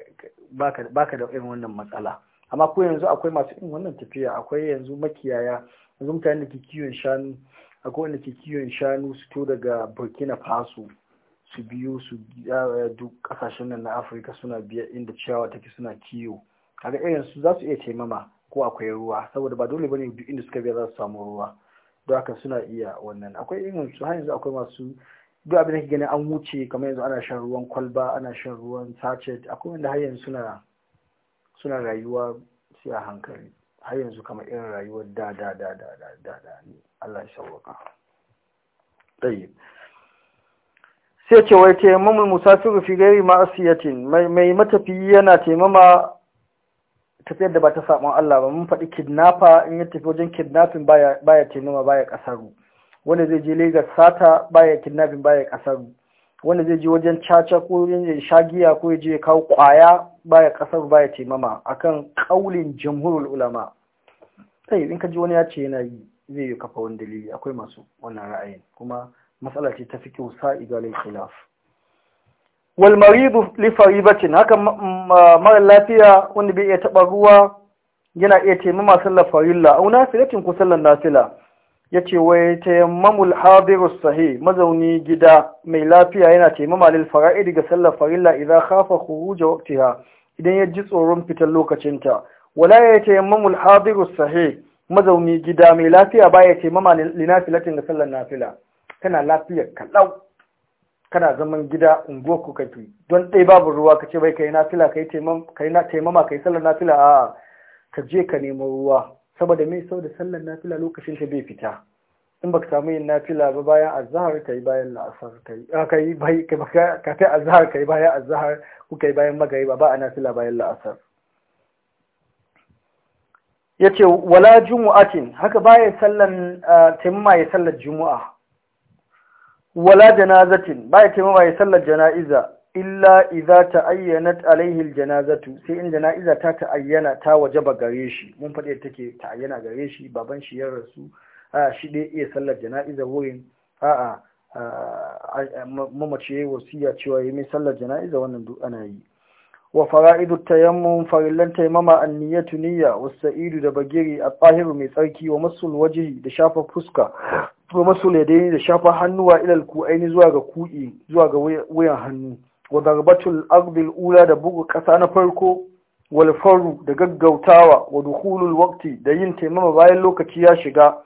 baka da irin wannan matsala amma ko yanzu akwai masu irin wannan tafiya akwai yanzu makiyaya yanzu mutane da ke kiwon shanu akwai wanda ke kiwon shanu su to daga burkina faso su biyo su duk kasashen nan na afirka suna biya inda ciyawa take suna kiwo kaga irin su za su iya taimama ko akwai ruwa saboda ba dole bane duk inda suka biya za su samu ruwa don haka suna iya wannan akwai irin su har yanzu akwai masu duk abin da ke gani an wuce kamar yanzu ana shan ruwan kwalba ana shan ruwan sachet akwai wanda har yanzu suna suna rayuwa sai a hankali har yanzu kamar irin rayuwar da da da da da da da ne Allah ya sauwaka tayi sai ce wai taimamul musafiru fi gairi ma'asiyatin mai matafiyi yana taimama tafiyar da ba ta saɓon Allah ba mun faɗi kidnapper in ya tafi wajen kidnapping baya taimama baya ƙasaru wanda zai je Legas sata baya kidnapping baya kasar wanda zai je wajen caca ko ya sha giya ko ya je kawo kwaya baya kasar baya taimama akan kaulin jamhurul ulama sai in ka ji wani ya ce yana yi zai yi kafa wani dalili akwai masu wannan ra'ayin kuma matsala ce ta fi kyau sa'idu alai khilaf wal maridu li faribatin haka mara lafiya wanda bai iya taba ruwa yana iya taimama sallar farilla au nafilatin ko sallar nafila ya ce wai tayammamul hadiru sahi mazauni gida mai lafiya yana taimama lil fara'id ga sallar farilla idan khafa khuruj waqtiha idan ya ji tsoron fitar lokacinta wala ya tayammamul hadiru sahi mazauni gida mai lafiya ba baya taimama linafilatin ga sallar nafila kana lafiya kalau kana zaman gida unguwarku ku don ɗaya babu ruwa kace bai kai nafila kai taimama kai sallar nafila a ka je ka nemo ruwa saboda mai sau da sallar nafila lokacin ta bai fita in baka samu yin nafila ba bayan azhar yi bayan la'asar kai kai bai ka yi azhar bayan azhar ku kai bayan magari ba a nafila bayan la'asar yace wala jumu'atin haka baya sallan timma ya sallar jumu'a wala janazatin baya taimama ya sallar janaiza illa idza ta'ayyanat alaihi aljanazatu sai in jana'iza ta ta'ayyana ta wajaba gare shi mun faɗi take ta'ayyana gare shi baban shi ya rasu a shi dai iya sallar jana'iza wurin a mamace wasiya cewa yi mai sallar jana'iza wannan duk ana yi wa fara'idu tayammum farillan taimama anniyatu niyya sa'idu da bagiri a tsahiru mai tsarki wa masul wajihi da shafa fuska wa masul yadaini da shafa hannuwa ilal ku'aini zuwa ga ku'i zuwa ga wuyan hannu wa darbatul ardil ula da bugu ƙasa na farko wal faru da gaggautawa wa dukhulul waqti da yin taimama bayan lokaci ya shiga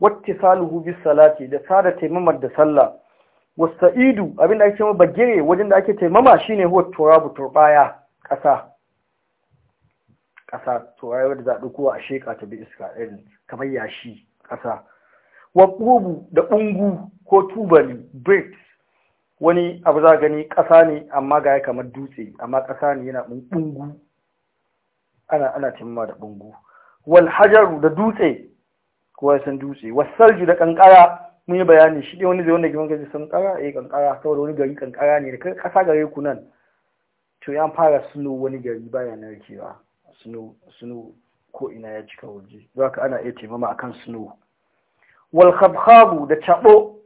wattisaluhu bis salati da sada taimamar da sallah wasa'idu abin da ake cewa bagire wajen da ake taimama shine huwa turabu turbaya ƙasa ƙasa turaya wanda za a a sheƙa ta bi iska irin kamar yashi ƙasa wa da ungu ko tubali bricks wani abu za gani ƙasa ne amma ga ya kamar dutse amma ƙasa ne yana ɓungu ana ana cimma da ɓungu wal hajaru da dutse kowa ya san dutse wasalju da kankara mun yi bayani shi ne wani zai wanda giman gaji kankara eh kankara saboda wani gari kankara ne da ƙasa gare ku nan to ya fara suno wani gari baya narkewa suno suno ko ina ya cika waje don ka ana iya taimama akan suno wal khabkhabu da tabo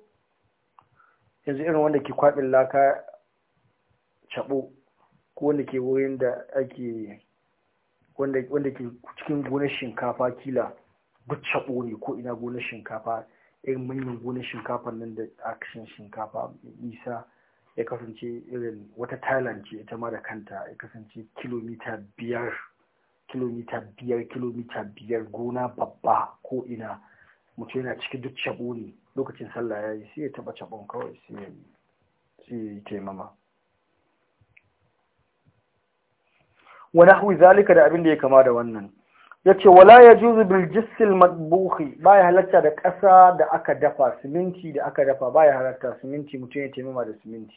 yanzu irin wanda ke kwaɓin laka caɓo ko wanda ke wurin da ake wanda ke cikin gonar shinkafa kila duk caɓo ne ko ina gonar shinkafa irin manyan gonar shinkafa nan da akshin shinkafa nisa ya kasance irin wata thailand ce ita ma da kanta ya kasance kilomita biyar kilomita biyar kilomita biyar gona babba ko ina mutum yana cikin duk cabo ne lokacin sallah ya yi sai ya taba cabon kawai sai ya yi taimama wani hawi zalika da abin da ya kama da wannan ya ce wala ya juzu bil jisil matbuhi ba ya halatta da ƙasa da aka dafa siminti da aka dafa ba ya halatta siminti mutum ya taimama da siminti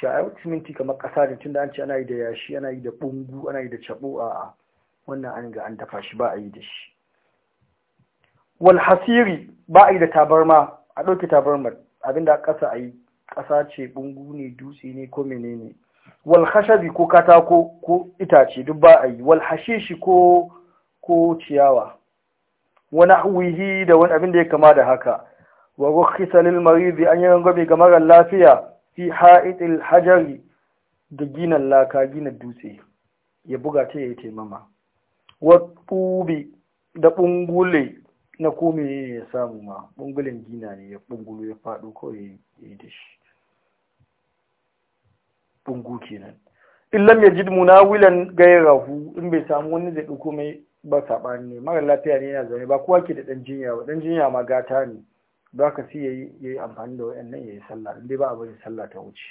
ce a siminti kamar ƙasa ne tunda an ce ana yi da yashi ana yi da ɓungu ana yi da cabo a wannan an ga an dafa shi ba a yi da shi Walhasiri ba a yi da tabarma a ɗauki tabarmar abinda ƙasa a yi ƙasa ce bungu ne dutse ne ko menene wal ko katako ko itace duk ba a yi walhashishi ko ko ciyawa wani wihi da wani abin da ya kama da haka wa rukhisa lil maridi an yi rangwame ga mara lafiya fi ha'itil hajari da ginan laka gina dutse ya buga ta ya yi taimama wa da ɓungule na kome ya samu ma bungulin gina ne ya bungulo ya faɗo kawai ya yi da shi bungu kenan in lam wilan munawilan rahu in bai samu wani zai ɗauko mai ba saɓani ne mara lafiya ne yana zaune ba kowa ke da ɗan jinya ba ɗan jinya ma gata ne ba ka si ya yi amfani da ya yi sallah in dai ba a bari sallah ta wuce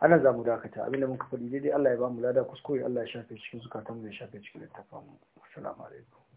ana za mu dakata abinda muka faɗi daidai Allah ya ba mu lada kuskure Allah ya shafe cikin zukatan mu ya shafe cikin littafin mu assalamu alaikum